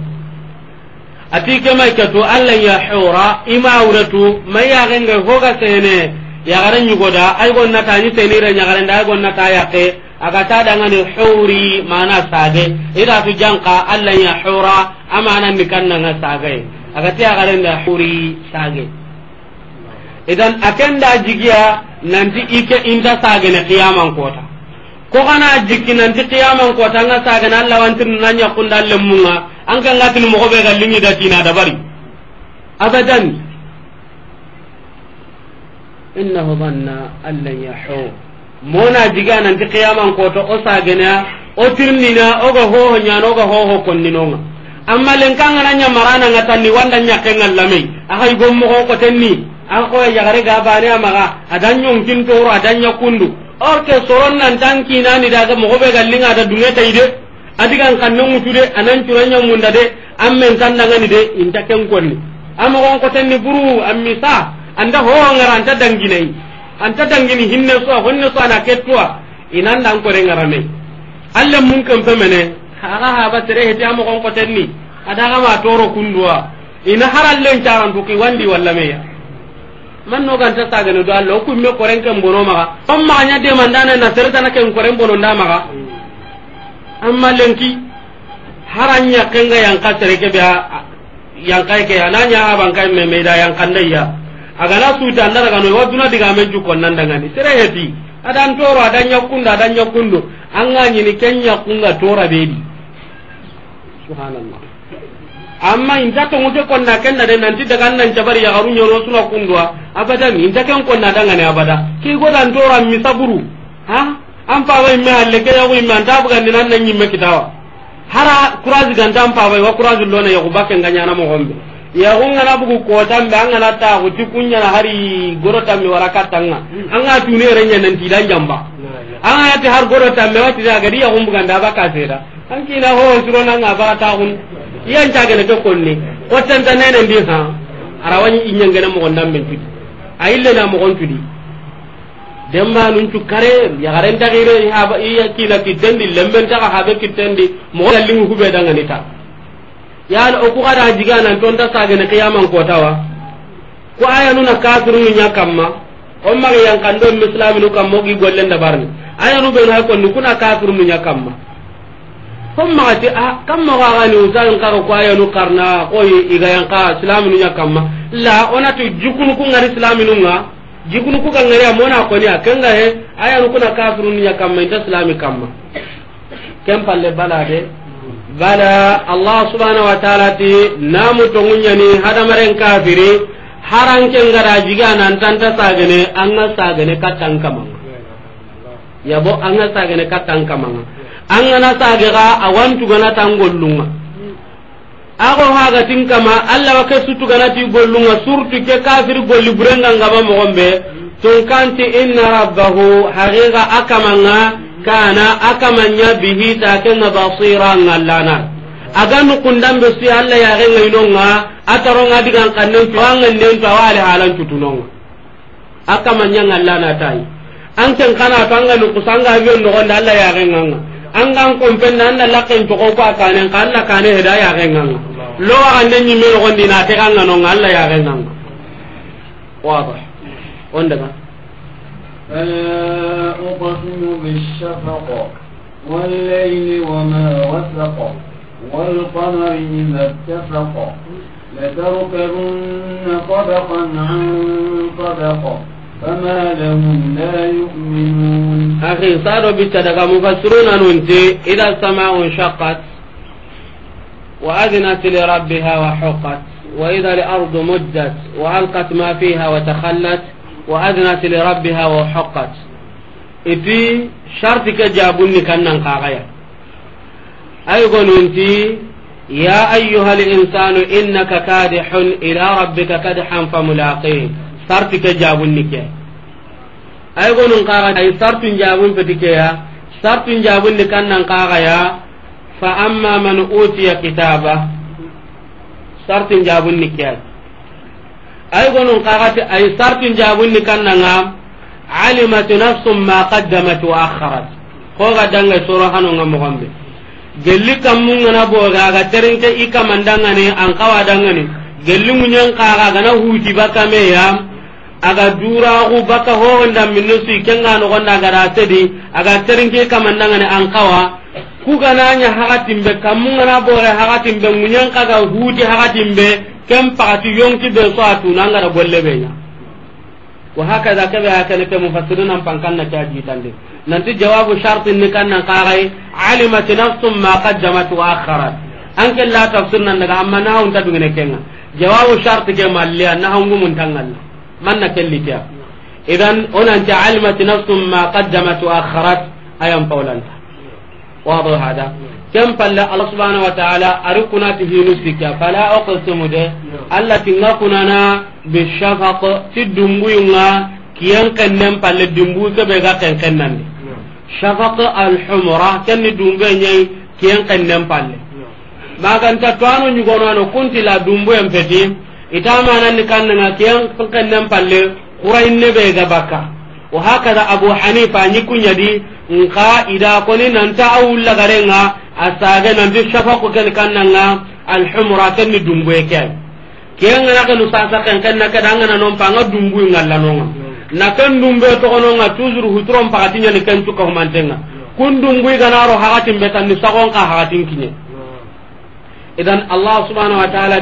ati ke mai kato allah ya hura ima uratu mai ya ganga hoga sene ya garan nyugo da ay gon na tani sene re nyagaran da ay gon na ta ya ke aga ta danga ni huri mana sage ida tu janka allah ya hura amana ni kanna nga sage aga ta garan da huri sage idan da jigiya nanti ike inta sagene qiyaman kota ko kana nan nanti qiyaman kota anga na allah wantin nanya kunda an anga ngatin mo be lingi da dina da bari abadan innahu dhanna allan yahu mona jiga nanti qiyaman kota o na o na go ho hoho nyano ho hoho nino amma len kanga nanya marana tanni wanda nyakengal lamai ahay gommo ko tenni an koye yagare ga bane amaga adan kin toro a yakundu kundu. ke soron nan tan ni daga mogo be gallinga da dunge tay de adigan kanne mutu de anan curanya munda de ammen tan daga ni de inta ken konni amma gon ko tan ni buru am sa anda ho ngara anta danginai anta ni hinne so honne so ana ketwa inan dan ko ngarame alle mun kan pemene haga ha ba tere heti amma gon ko tan ni adaga ma toro kundwa ina harallen taran buki wandi walla meya man no ganta sagane do Allah ku me koren kan bono ma on ma nya de man dana na serta na kan koren bono nda ga amma lenki haranya kenga yang ka tere ke ba yang kai ke ananya abang kai me me da yang kan ya aga na su tan daga no waduna diga me ju kon nan daga ni tere hebi adan toro adan yakunda adan yakundo an ga ni kenya kunga tora be di subhanallah amma inta tonguke konna kenna de nanti daga nan jabar ya garu nyoro suna kundwa abada mi inta ken konna daga ne abada ki goda ndora mi saburu ha an fa wai me halle ke yawo mi anda buga ni nan nan yimme kitawa hara kurazi ganda an fa wai wa kurazi lona ya gubake nganya na mo hombe ya gunga na bugu ko tambe an na ta ku tikunya na hari goro tambe waraka tanga hmm. an ga tune renya nan tidan jamba an ya ta har goro tambe wati daga dia gumbuga nda baka seda an kina ho suro nan ga ba ta hun yan cagene ke konni o tenta nene ndi ha arawani mo mogon damben tudi a illena mogon tudi nun tu kare ha ba iya kila kittendi lemben taga habe kittendi mogo dallingu hube dangani ta yani oku kada diga nan ton ta sagene qiyaman kotawa ko aya nuna kafirunu nya kamma on maga yankando mislami kam mo gi gollen barni aya nu be na ko nu kuna kafirunu nya kamma kom magati a ah, kam magagani usain kaga ko ayanu karna koy igayanka silaminu nya kama la ona tu jukunu kungari silaminu nga jikunu ku kan ngari amona ko ni akenga he aya nu kuna kafiru ni kama ita islami kamma kem palle bala de bala allah subhanahu wa ta'ala ti namu to ngunya ni hada maren kafiri harang ken ngara jiga nan tanta sagene anga sagene katang ya bo anga sagene katang kamma an gana sage ga awantu gana tan gollunga ako haga tin kama allah wa ke sutu gana ti gollunga surtu ke kafir golli burenga ngaba mo gombe tun kanti inna rabbahu haqiqa akamanga kana akamanya bihi ta kenna basira ngallana aga nu kundambe si alla ya ga ngainonga ataro nga digan kannen to anga nden to awale halan tutunonga akamanya ngallana tai an kan kana tanga nu kusanga biyo no gonda alla ya ga nganga an gan kompen nan na lakken to ko ka kanen kan na kane hidaya gengan lo wa kan nyi me ko dina te kan nan ngal la ya gengan wa ba on daga أقسم بالشفق والليل وما وسق والقمر إذا اتفق لتركبن طبقا عن طبق فما لهم لا يؤمنون أخي صاروا بالتدقى مفسرون ننتي إذا السماء انشقت وأذنت لربها وحقت وإذا الأرض مدت وألقت ما فيها وتخلت وأذنت لربها وحقت إتي شرطك جابوني كنن قاغيا أيقون أنت يا أيها الإنسان إنك كادح إلى ربك كدحا فملاقيه sarti ke jabun nike ke ay gonun qara ay sartun jabun petike ya sartun jabun kan kannan qara ya fa amma man utiya kitaba sartin jabun nike ke ay gonun qara ti ay sartin jabun ni kannan ga alimat nafsum ma qaddamat wa akharat ko ga danga sura hanu ngam gambe gelli kammun ngana bo ga terinke ikamandanga ne an kawadanga danga ne gelli munyan kaga ga na huti bakame ya aga duraxu baka hoxonda minne sui kenga gonda agada sedi aga terinke kamandangani an kawa kugananya haxatimbe na bore haxatimbe ga huti haxatimbe ken paxati yonki be so a tuna angada golle nya wa haka hakaza keɓe a mu ke mufassirinan pankanna ke a jitandi nanti jawabu shartinni kannan qarai alimat nafsum ma qaddamat wa akharat an ke la nan daga amma hunta dungene kenga jawabu na ke mun tangalla من نكلتها إذن هنا أنت علمت نفس ما قدمت وأخرت أيام قول أنت واضح هذا كم قال الله سبحانه وتعالى أركنا في نسك فلا أقسم ده التي نقنا بالشفق تدنبوي ما كيان قنن قال الدنبوي كبغا قنن شفق الحمراء كن دنبوي ني كيان قنن قال ما كنت توانو نيغونو كنت لا دنبوي امبتي ita mananni kannanga ken kennen palle qurainne be ga baka wa hakada abu hanifa ni kunyadi nka ida koni nanta awulla garenga asage nanti shafaku ken kannanga alhumra kenni dumbuye ken kenga nakenu sasa ken kenna keda angana nompa anga dumbuyi ngallanonga na ken dumbe togononga toujours huturon pakatinyani ken cukahumantenga kun dumbuyi ganaro ni betanni ka hakatin kinye hmm. idan allah subhanahu wa ta'ala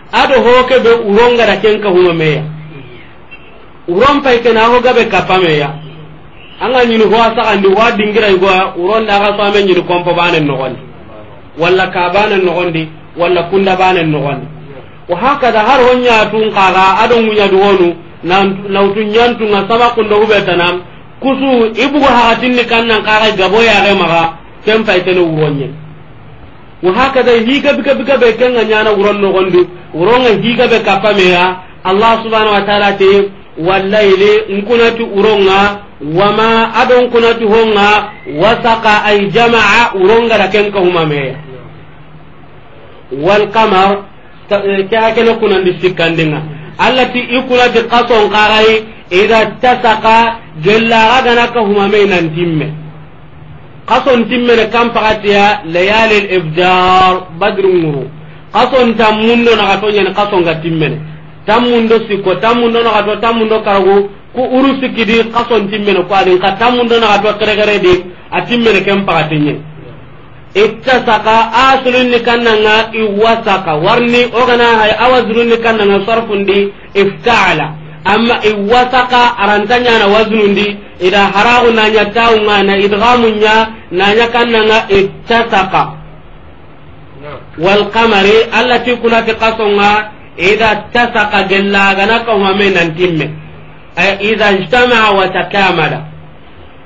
ado hoke be uronga da kenka huno meya uron pay na aho gabe kapa meya anga nyinu ho asaka andi wa dingira go uron da ga so amen nyinu kompo bane no gondi walla ka bane no di walla kunda bane no gondi wa da har honya tun kaga ado munya duwonu nautu do be tanam kusu ibugo kan kannan kaxa gabo ya yaxe maxa ken faytene uronye wa hakada higa bika bika be kenga nyana uron no gondi uronga higa be kapame ya allah subhanahu wa ta'ala te wallaili nkunati uronga wama adon kunati honga wasaka ay jamaa uronga da kenka humame wal qamar eh, kya kana kunandi sikandinga allati ikunati qason qarai ida tasaka gella gana ka humame nan timme kason تمنا كم pakatiya layali الإبدار بدر مرو kason تمنا nakato ñani kasonga timmene tammundo sikko tammundo nakato tammundo karagu ku uru sikkidi kason timmene ko adin ka tammundo nakato di a timmene ken pakatiñe saka a surunni kannanga iwasaka warni ogana hay awa surunni kannanga amma iwasaka arantanya na waznundi ida haragu na nya taunga na idghamunya na nya kannanga ittasaka wal qamari allati kunati qasonga ida tasaka gellaga na kan wame nan timme ay ida ijtama wa takamala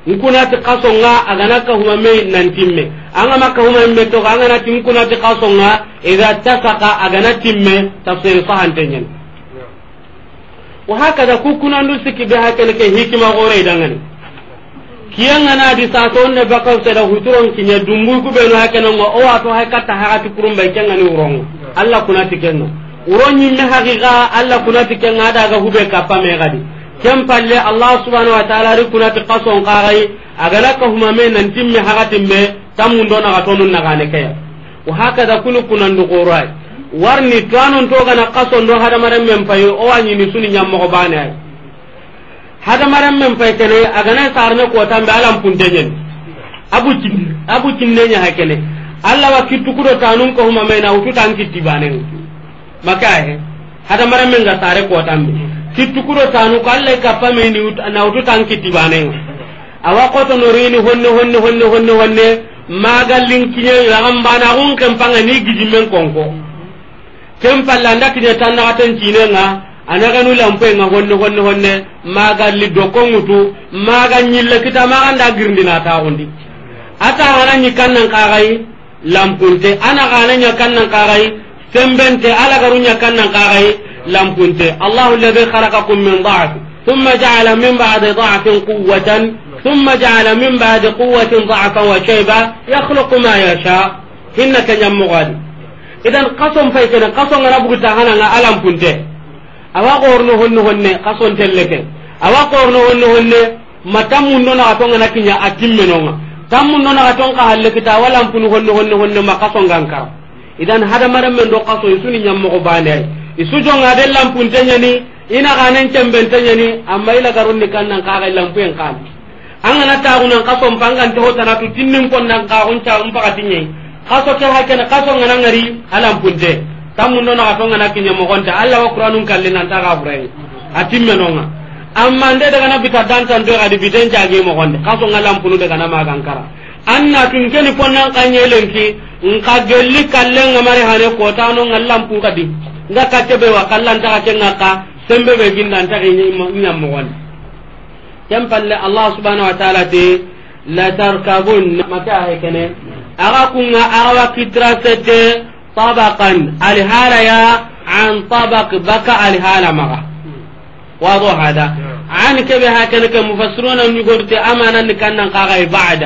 nkunati qasonga agana ka humame nan timme anga maka humame to anga na tim kunati qasonga ida tasaka agana timme tafsir sahantenyen wa da ku kunandu bi be hakene ke hikima gore dangani kiyangana di sato onne bakaw seda huturon kinya dumbu ku be no hakene ngo o wato hakata hakati kurumba kengani urongo alla kunati kenno uronyi me haqiqa alla kunati kenga daga hube kappa me gadi kem palle allah subhanahu wa ta'ala ri kunati qason qarai agala ka huma me nan timme hakati me tamundo na gatonun na gane kaya wa da kunu kunandu qorai warni twanon to gana kason do hadamaren men payo o wani ni suni nyam mo bane ay hadamaren men pay kene agana sarne ko tambe alam puntenyen abu cin abu cinne nya hakene alla wa kitu kudo tanun ko huma mena utu tan kitti bane maka he hadamaren men ga sare ko tambe kitu kudo tanu ko alla ka pame ni utu na utu tan kitti bane awa ko to norini honne honne honne honne honne maga linkinye ragam bana gun kan panga ni gijimen konko kem palla anda kine tan na tan nga anaga nu lampe nga honne honne honne maga liddo ko maga nyille kita maga nda girndi ta gondi ata hana nyi kannan kagai lampunte ana hana nya kannan kagai sembente ala garunya kannan kagai lampunte allah alladhi khalaqakum min dha'f ثم جعل من بعد ضعف قوة ثم جعل من بعد قوة ضعفا وشيبا يخلق ما يشاء هن كن يمغادي idan kason fay kene kason ngara bugu ta nga alam punte awa qorno honno honne kason telleke awa qorno honno honne matamun nona atonga nakinya atimme nonga tamun nona ka halle kita walam pun honno honno honno kason gankara idan hada maram men do kaso isuni nyam ko bane isu jonga de lampun tenyani ina kanen cemben tenyani amma ila garon ni kannan ka ga lampu en kan an ana ta gunan kaso pangan to hotana tu tinnin kon nan ka hunca um pakatinyai kaso ke hakene kaso ngana ngari alam punte tamundo na kaso ngana kinya mogonta alla wa qur'anun kallina ta ga burai atimme nonga amma nde daga na bita dantan do ga dibiden jage mogonde kaso ngalam punu daga na magan kara anna tun keni ponnan kanye lenki nka gelli kallen ngamare hane kota no ngallam pu kadi nga katte be wa kallan ta kake ngaka sembe be gindan ta kinya mogonde kam palle allah subhanahu wa ta'ala te لتركبن مكاه كنه أغاكم أغوى كدراسة طبقا الهالة عن طبق بكى الهالة مغا واضح هذا عن كبه هكذا مفسرون أن يقول أمانا كان قاغي بعد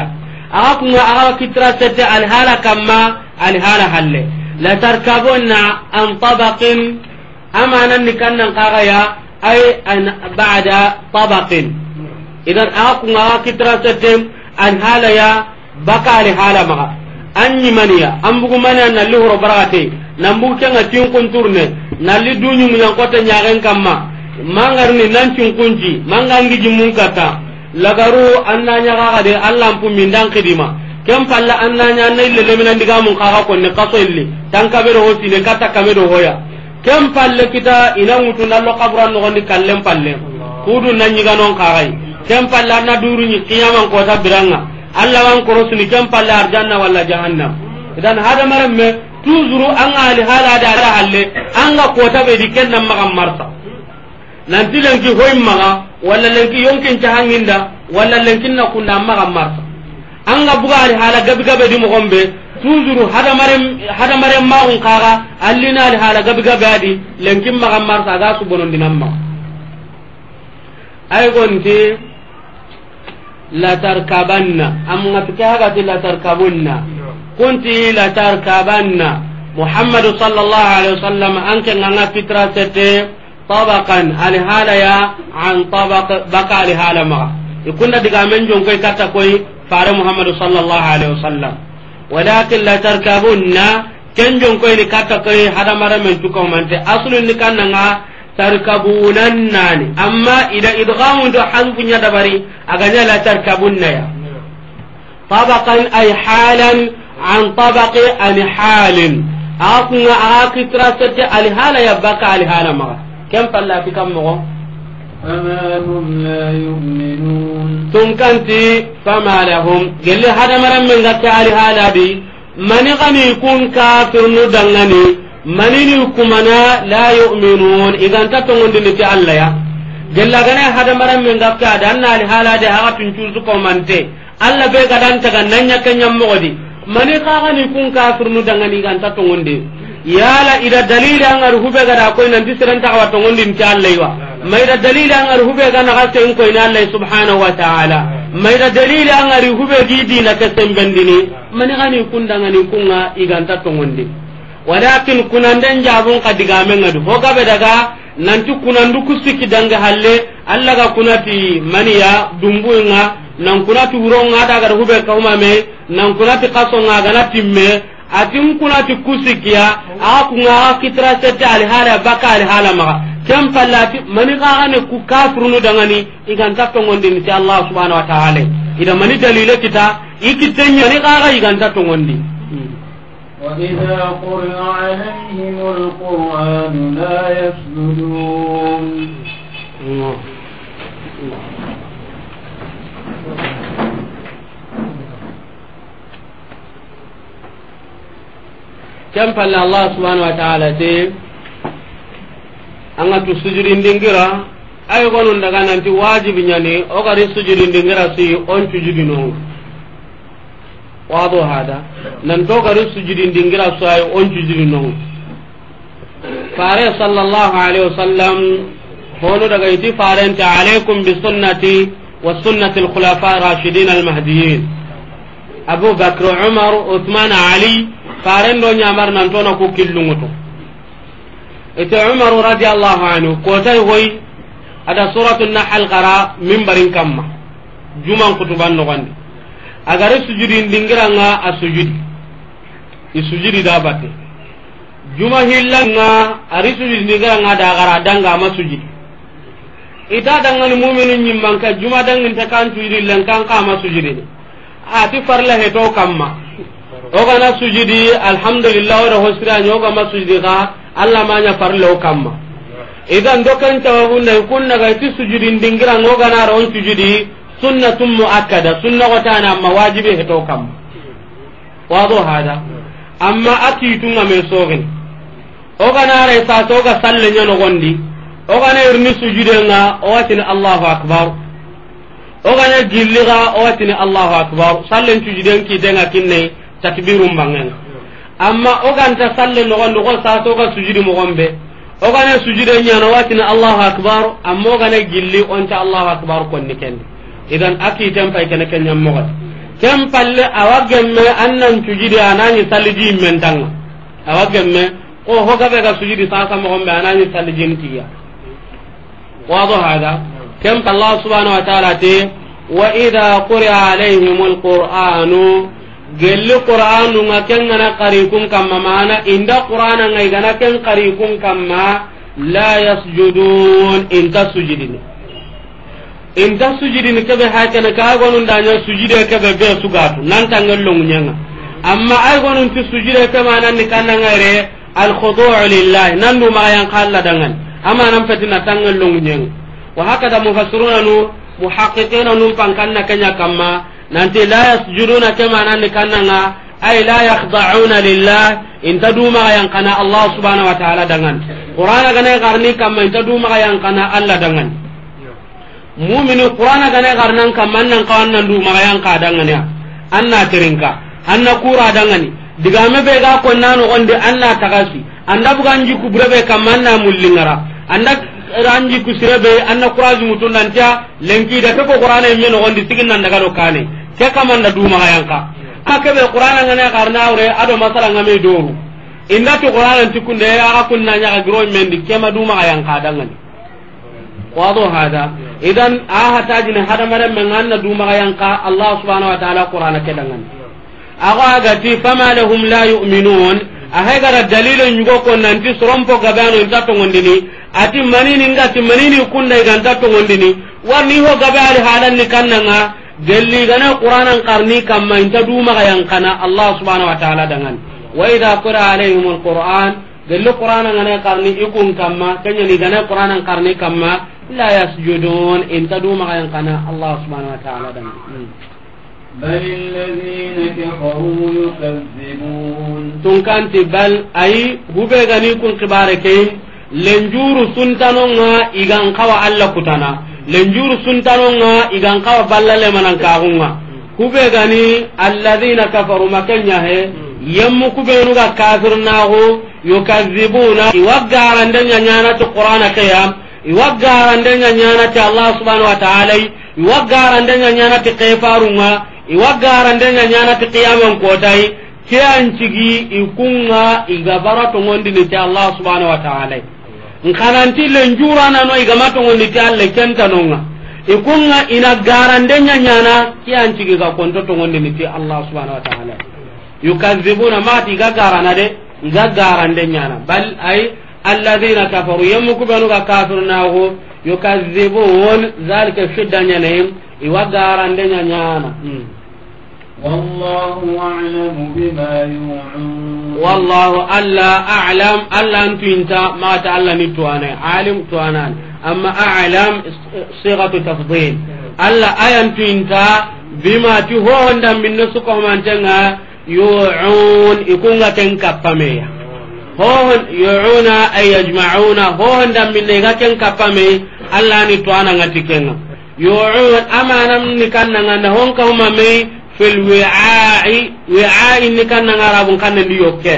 أغاكم أغوى كدراسة الهالة كما الهالة هل لتركبن عن طبق أمانا كان قاغي أي أن بعد طبق إذا أراكم أغوى كدراسة an halaya baka ani hala maga an ñimaniya an na nalli horo barakate nan bugu yan tinkunturne nalli kan ma mangar ni nan gi ji mun kata. lagaru an na ñagaxa de allanpu min dan kidima ken palla an naña an na illeleminandigamun kaxa konne kaso illi tan kamedo ho sine be kamedo hoya ken palle kita ina mutu lo nallo no ni kalle palle kudu na ñiganon kaxay kem palle anna duruñi kiyaman kota biranga allah wan korosuni kem palle arjanna walla jahannam idan hadamaren me toujours anga ali halade ala halle anga kota ɓedi kennan magan marsa nanti lenki hoyin maga walla lenki yonkin cahanginda walla lenkin na kunda an magan marsa anga buga ali hala gabi gabe di mogon ɓe toujours hadamaren hadamaren magun kaga allina ali hala gabi gabe adi lenkin magan marsa aga subonondinan maga ay gonti latarkabanna amma tike hagati latarkabunna kunti latarkabanna muhammadu sallallahu alaihi wasallam anke nganga fitra sete an baka ma ikunda diga men jonko kata fare muhammadu wasallam walakin latarkabunna ken kannanga tarkabunannani amma ida idgamu do hazfu nya dabari aganya la tarkabunna ya tabaqan ay halan an tabaqi an halin akunga aki trasete al hala ya baka al hala ma kem palla fi kam mo فما لا يؤمنون ثم كنتي فما لهم قال لي هذا min من ذكى علي bi mani من kun يكون nu dangani. manini kumana la yu'minun iganta ngondi ni allah ya gellagana na men hala de ha tun tun haga ko komante allah be dan kan nyam ñammogodi mani ni kun nu dangani iganta ya yala ida dalili angari hube gada ta wa to ngondi ni allah wa ma ida an angari hube ga naga ko koyni allah subhanahu wa taala ma ida dalili angari hube gi dina ke sembendini mani ni kun dangani kunga iganta ngondi walakin kunanden jabun ka digamengadu ho gabe daga nanti kunandu kusiki dange halle alla ga kunati maniya dumbuinga nan kunati wuronga daga hube kahumame nan kunati kasonga gana timme atin kunati kusikiya aga kunga aga kitra sette alihala baka alihala maga ken pallati mani kagane ku kafirunu dangani iganta tongondini ti allah subhanau wa taala ida mani dalile kita i kittenyani kaga iganta tongondi hmm. وإذا قرئ عليهم القرآن لا يسجدون كم فل الله سبحانه وتعالى anga tu sujudindingira ay gonun daga nanti wajibi ñani ogari sujudindingira si on cujudinonga wado hada nan to gari sujudin dingira sai on jujudin no fare sallallahu alaihi wasallam hono daga iti farenta alaikum bi sunnati wa sunnati al-khulafa rashidin al-mahdiyyin abu bakr umar uthman ali faren do nyamar nan to na ku killungoto ite umar radiyallahu anhu ko tay hoy ada suratul nahl qara mimbarin kamma juman kutuban no gandi agare sujudi nga a sujudi i sujudi da bate juma nga ari sujudi nga da gara danga ma sujudi ita dangani muminu ka juma danginta kan sujudi kan ka ma sujudi ni ati farla to kamma ogana sujudi alhamdulillah wada hosirani ma sujudi ka allah nya farla o kamma idan dokan kunna ga ti sujudi ndingiranga ogana ron sujudi sunnatun muakkada sunna gotana amma wajibi wajibe heto kam wado hada amma akitunga me sogin oganare sasa oga salle ñanogondi ogana irni wati ni allahu akbar ogana wati ni allahu akbar sallen cujuden kitenga kinne takbirum bangenga amma oganta salle nogondi ogo sasa oga sujudi mogonɓe ogana sujude wati ni allahu akbar amma ogana gilli onta allahu akbar konni kendi idan akiten pay kene kenyam mogot kem palle awa gemme annan cujidi anani saliji mentanga awa gemme ko hoga be ga sujudi sasa mo gombe anani saliji tiya wado hada tempa allah subhanahu wa ta'ala te wa idha quri'a alaihim alqur'anu gelli qur'anu nga kengana qari kun kamma mana inda qur'ana nga igana ken qari kun kamma la yasjudun inta sujidini in ta sujidini keɓe ha kene ka aygonundaña sujude keɓe be sugatu nantangen longuñanga amma ti aygonunti sujude al kannangare alkhudu lillahi nandu magayan ka allah dangan amanan petina tangen longuñanga wa hakada mufassiruna nu muhaqiqina num pankanna kenya kamma nanti la yasjuduna kemananni kannanga ay la yakhda'una lillah inta dumagayan kana allah subhanahu wa ta'ala dangan qur'ana gane garni kamma inta dumagayan kana allah dangan mu'minu qur'ana gane garnan kan mannan nan kawan nan du magayan ka dangane anna terinka anna kura dangani diga me be ga ko nanu onde anna tagasi anda bugan jiku burebe be kan manna mullingara anda ranji ku be anna qur'ani mutun nan ta lenki da ko qur'ana men onde sigin nan daga do kane ke kamanda du magayan ka be qur'ana gane garna ore ado masala ngame do inda to qur'ana tikunde ya kunna nya ga gro men di kema du magayan ka dangani wado hada idan a hatajini hadamaren men anna dumagayanka allah subhanau wa taala qur'ana kedangani ago agati fama lahum la yuminun ahe gara dalilo ñugo ko nanti soronpo gabeano inta togondini ati manini ngati manini kunda iganta togondini ho kannanga qarni inta allah wa taala wa qira alquran qarni ikun kamma qarni kamma لا يسجدون إن تدوم غينقنا الله سبحانه وتعالى دم. بل الذين كفروا يكذبون تنكنت بل أي هو بيغني كن قباركين lenjuru suntanonga igan kawa alla kutana lenjuru suntanonga igan kawa ballale manan kagunga kube gani alladhina kafaru makanya he yemmu kube nuga kafir nago yukazibuna iwagarandenya nyana to qur'ana kayam iwa garandenya ñanati allah subhanau wa taala iwa garandenya ñanati kefarunga iwa garandenya ñanati qiyamen kotai ke ancigi ikunga igabara togondiniti allah subhanau wa taala nkananti lenjuranano igama togonditi allah kentanonga ikunga ina garande garandenya ñana ke ancigi ga konto togondiniti allah subhanau wa taala yukazibuna mati iga garana de iga garande ñana bal ay الذين كفروا يمكو كافر ناغو يكذبون ذلك الشدة نينيم يوغارا نينيانا والله أعلم بما يوعون والله ألا أعلم ألا أنت انت ما تعلم توانا عالم توانا أما أعلم صيغة تفضيل ألا أي أنت انت بما تهون من بالنسوك ومانتنها يوعون يكون لك انكفا hohon yu'una ay yajma'una hohon dam minne ga ken kapame Allah ni to ana ngati kenga yu'un amanam ni kanna ngana hon ka huma me fil wi'a'i wi'a'i ni kanna ngarabun kanna ni yokke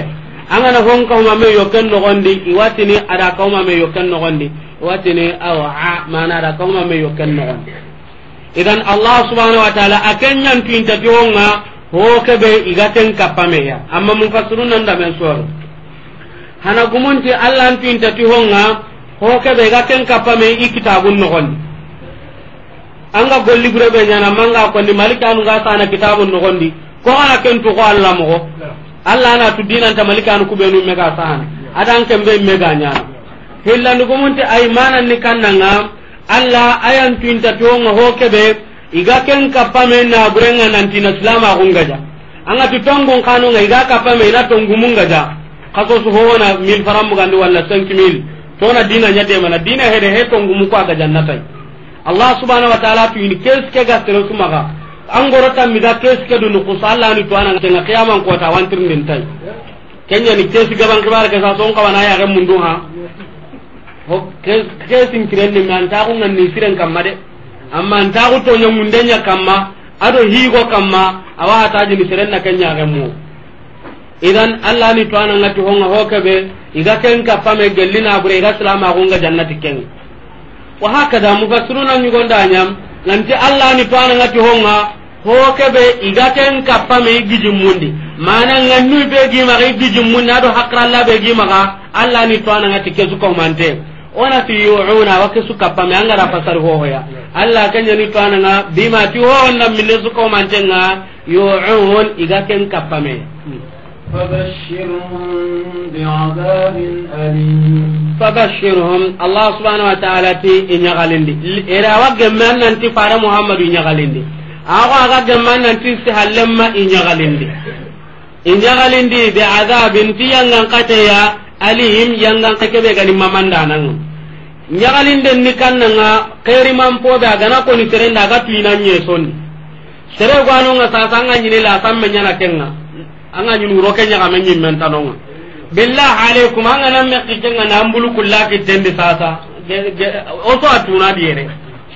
angana hon ka huma me yokken no gondi watini ada ka huma me yokken no gondi iwatini awa mana ada ka huma me yokken no gondi idan allah subhanahu wa ta'ala akenyan tinta jonga ho kebe igaten kapame ya amma mun fasirun nan da men soro hana gumunti allah an tuinta ti honga ho kebe ga ken kappa me i kitabun nogondi anga golli gure be nyana manga kondi malika anu ga sana kitabun nogondi ko ana ken to ko allah mo allah na tu dinan ta malika anu kubenu me ga sana adan ken be me ga nyana hillandu gumunti ay manan ni kannanga allah ayan tuinta ti honga ho kebe iga ken kappa me na gurenga nanti na islama gungaja anga tu tongon kanu ga iga kappa me na tongumungaja kaso su hona mil faram wala walla mil to na dina nya de mana dina hede he to ngum ko aga jannata Allah subhanahu wa ta'ala tu ni ke ga tere su maga an gorota mi da keske du nuku sala ni to anan tenga qiyamam ko ta wantir min tai kenya ni kesi gaban kibar ke sa son kawana ya ga mundu ha ho in kiren ni man ta ko ngan ni siren kamma de amma an ta ko to nya mundenya kama ado hi higo kamma awa ta ni siren na kenya ga mu idan allah ni to anan ngati honga be iga ken ka kapame gellina bure iga salama gonga jannati ken wa hakada mufassiruna ni gonda nyam nanti allah ni to anan ngati honga be iga ken ka kapame gijimundi mana ngannu be gi gima ga gijimundi ado hakra allah be gima ga allah ni to anan ngati ke ko mande ona ti yuuna wa ke kesu kapame angara fasar hohoya allah kanya ni to anan bima ti ho onna minne su ko mante nga yuun iga ken ka kapame fabashirhum allah subhanahu wa ta'ala ti inyagalindi era wa gemman nanti fara muhammadu inyagalindi ago aga gemman nanti si hallemma bi azabin ti gani ni kannanga khairi man serenda aga tuina sere sasanga nyine la kenga anga nyinu roke nya kamen nyi men tanonga billahi alaikum anga nan me kikenga nan bulu kullaki tendi sasa oto atuna diere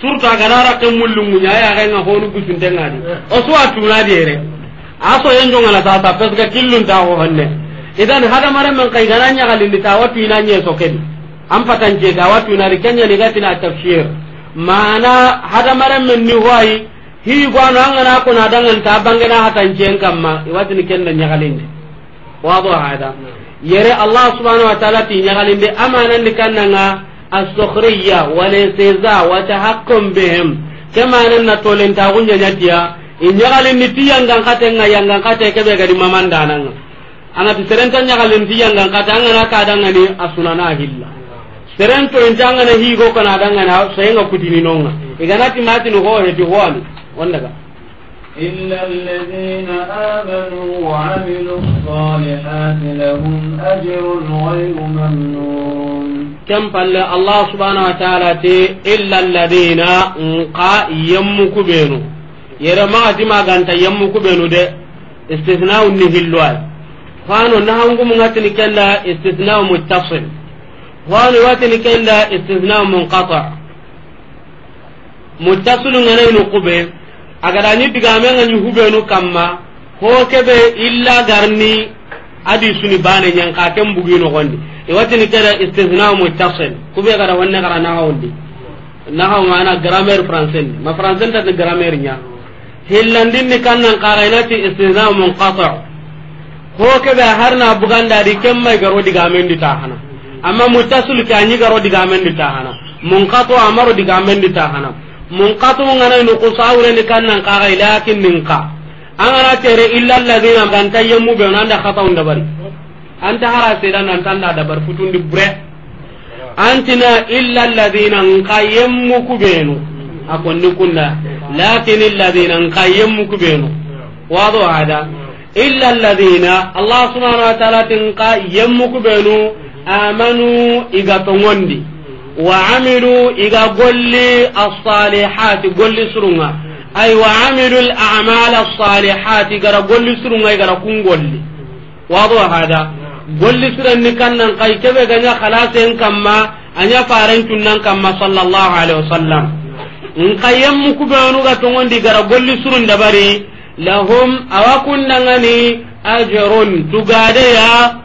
surtout aga nara ke mullungu nya ya ga honu gusunde ngadi oto atuna diere aso yenjo ngala sasa pesga killun ta ho hanne idan hada mare men kai gananya galindi ta wati na nye sokedi am patan je ga wati na rikanya ni gatina tafsir mana hada mare men ni huai hi gwanu an gana kuna dangan ta bangana hatan jen kamma ni kenda nyagalinde wado hada yere allah subhanahu wa ta'ala ti nyagalinde amana ni nga as-sukhriya wal istiza wa tahakkum bihim kama nan na tolen ta gunya nyatiya in nyagalinde ti yangan katenga yangan kate kebe di mamanda nan ana ti serenta nyagalinde ti yangan kate an gana ka dangani asunana hilla serento injanga jangana hi go kana dangana sayenga kutini nonga iganati no ho heti ho ami wanda إلا الذين آمنوا وعملوا الصالحات لهم أجر غير ممنون كم قال الله سبحانه وتعالى إلا الذين انقى يمك بينو يرما ما غانتا يمك بينو ده استثناء النهلوات خانو نهانكم غاتني كلا استثناء متصل خانو واتني كلا استثناء منقطع متصل غنين قبه agada ni digame nga ni hubenu kamma ho kebe illa garni adi suni bane nyang ka kem bugino gondi e watini kada istithna muttasil kube kada wanne gara na hawndi na haw mana grammaire français ma français ta grammaire nya hillandin ni kannan qarainati istithna qata ho kebe harna buganda di kemma garo digame ndi tahana amma mutasul ka nyi garo digame ndi tahana munqati amaro digame ndi tahana munqatu ngana no ko sawre ni kannan ka ga lakin min an angana tere illa alladhina ganta yemu be nan da khata unda bari anta hara se dan nan tanda da bar futun di bure antina illa alladhina qayyemu kubenu akon ni kunna lakin alladhina qayyemu kubenu wado hada illa alladhina allah subhanahu wa ta'ala tin qayyemu kubenu amanu igatongondi wa amilu iga golli as-salihat golli surunga ay wa amilu al-a'mal as-salihat gara golli surunga gara kun golli wa do hada golli suran ni kan nan kai ke ganya khalas en kamma anya faran nan kamma sallallahu alaihi wasallam in kayam ku be anuga to on gara golli surun dabari lahum awakun nan ani ajrun tugadaya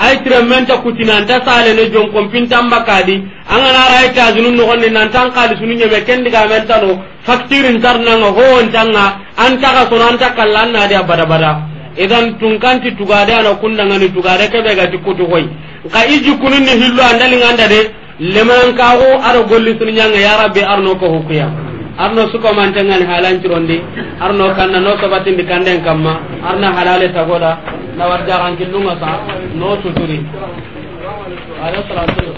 ay tirementa kutina anta salene jon kompintamba kadi angana ra etasinu nogondi nantan kali sunu ñeme kendigamentano facture ntarnanga howontanga antaka sono anta kalla an a bada bada idan tunkanti tugade ana kundangani tugade keɓe ka kutu koy nka i jikkununni hillo andalinganda de lemankaxu aɗa golli sunu ñanga ya rabbi arno ko arno suko mantengan halan cirondi arno kanna no sabatin di kanden kamma arna halale tagoda na warja kan killunga sa no tuturi ala salatu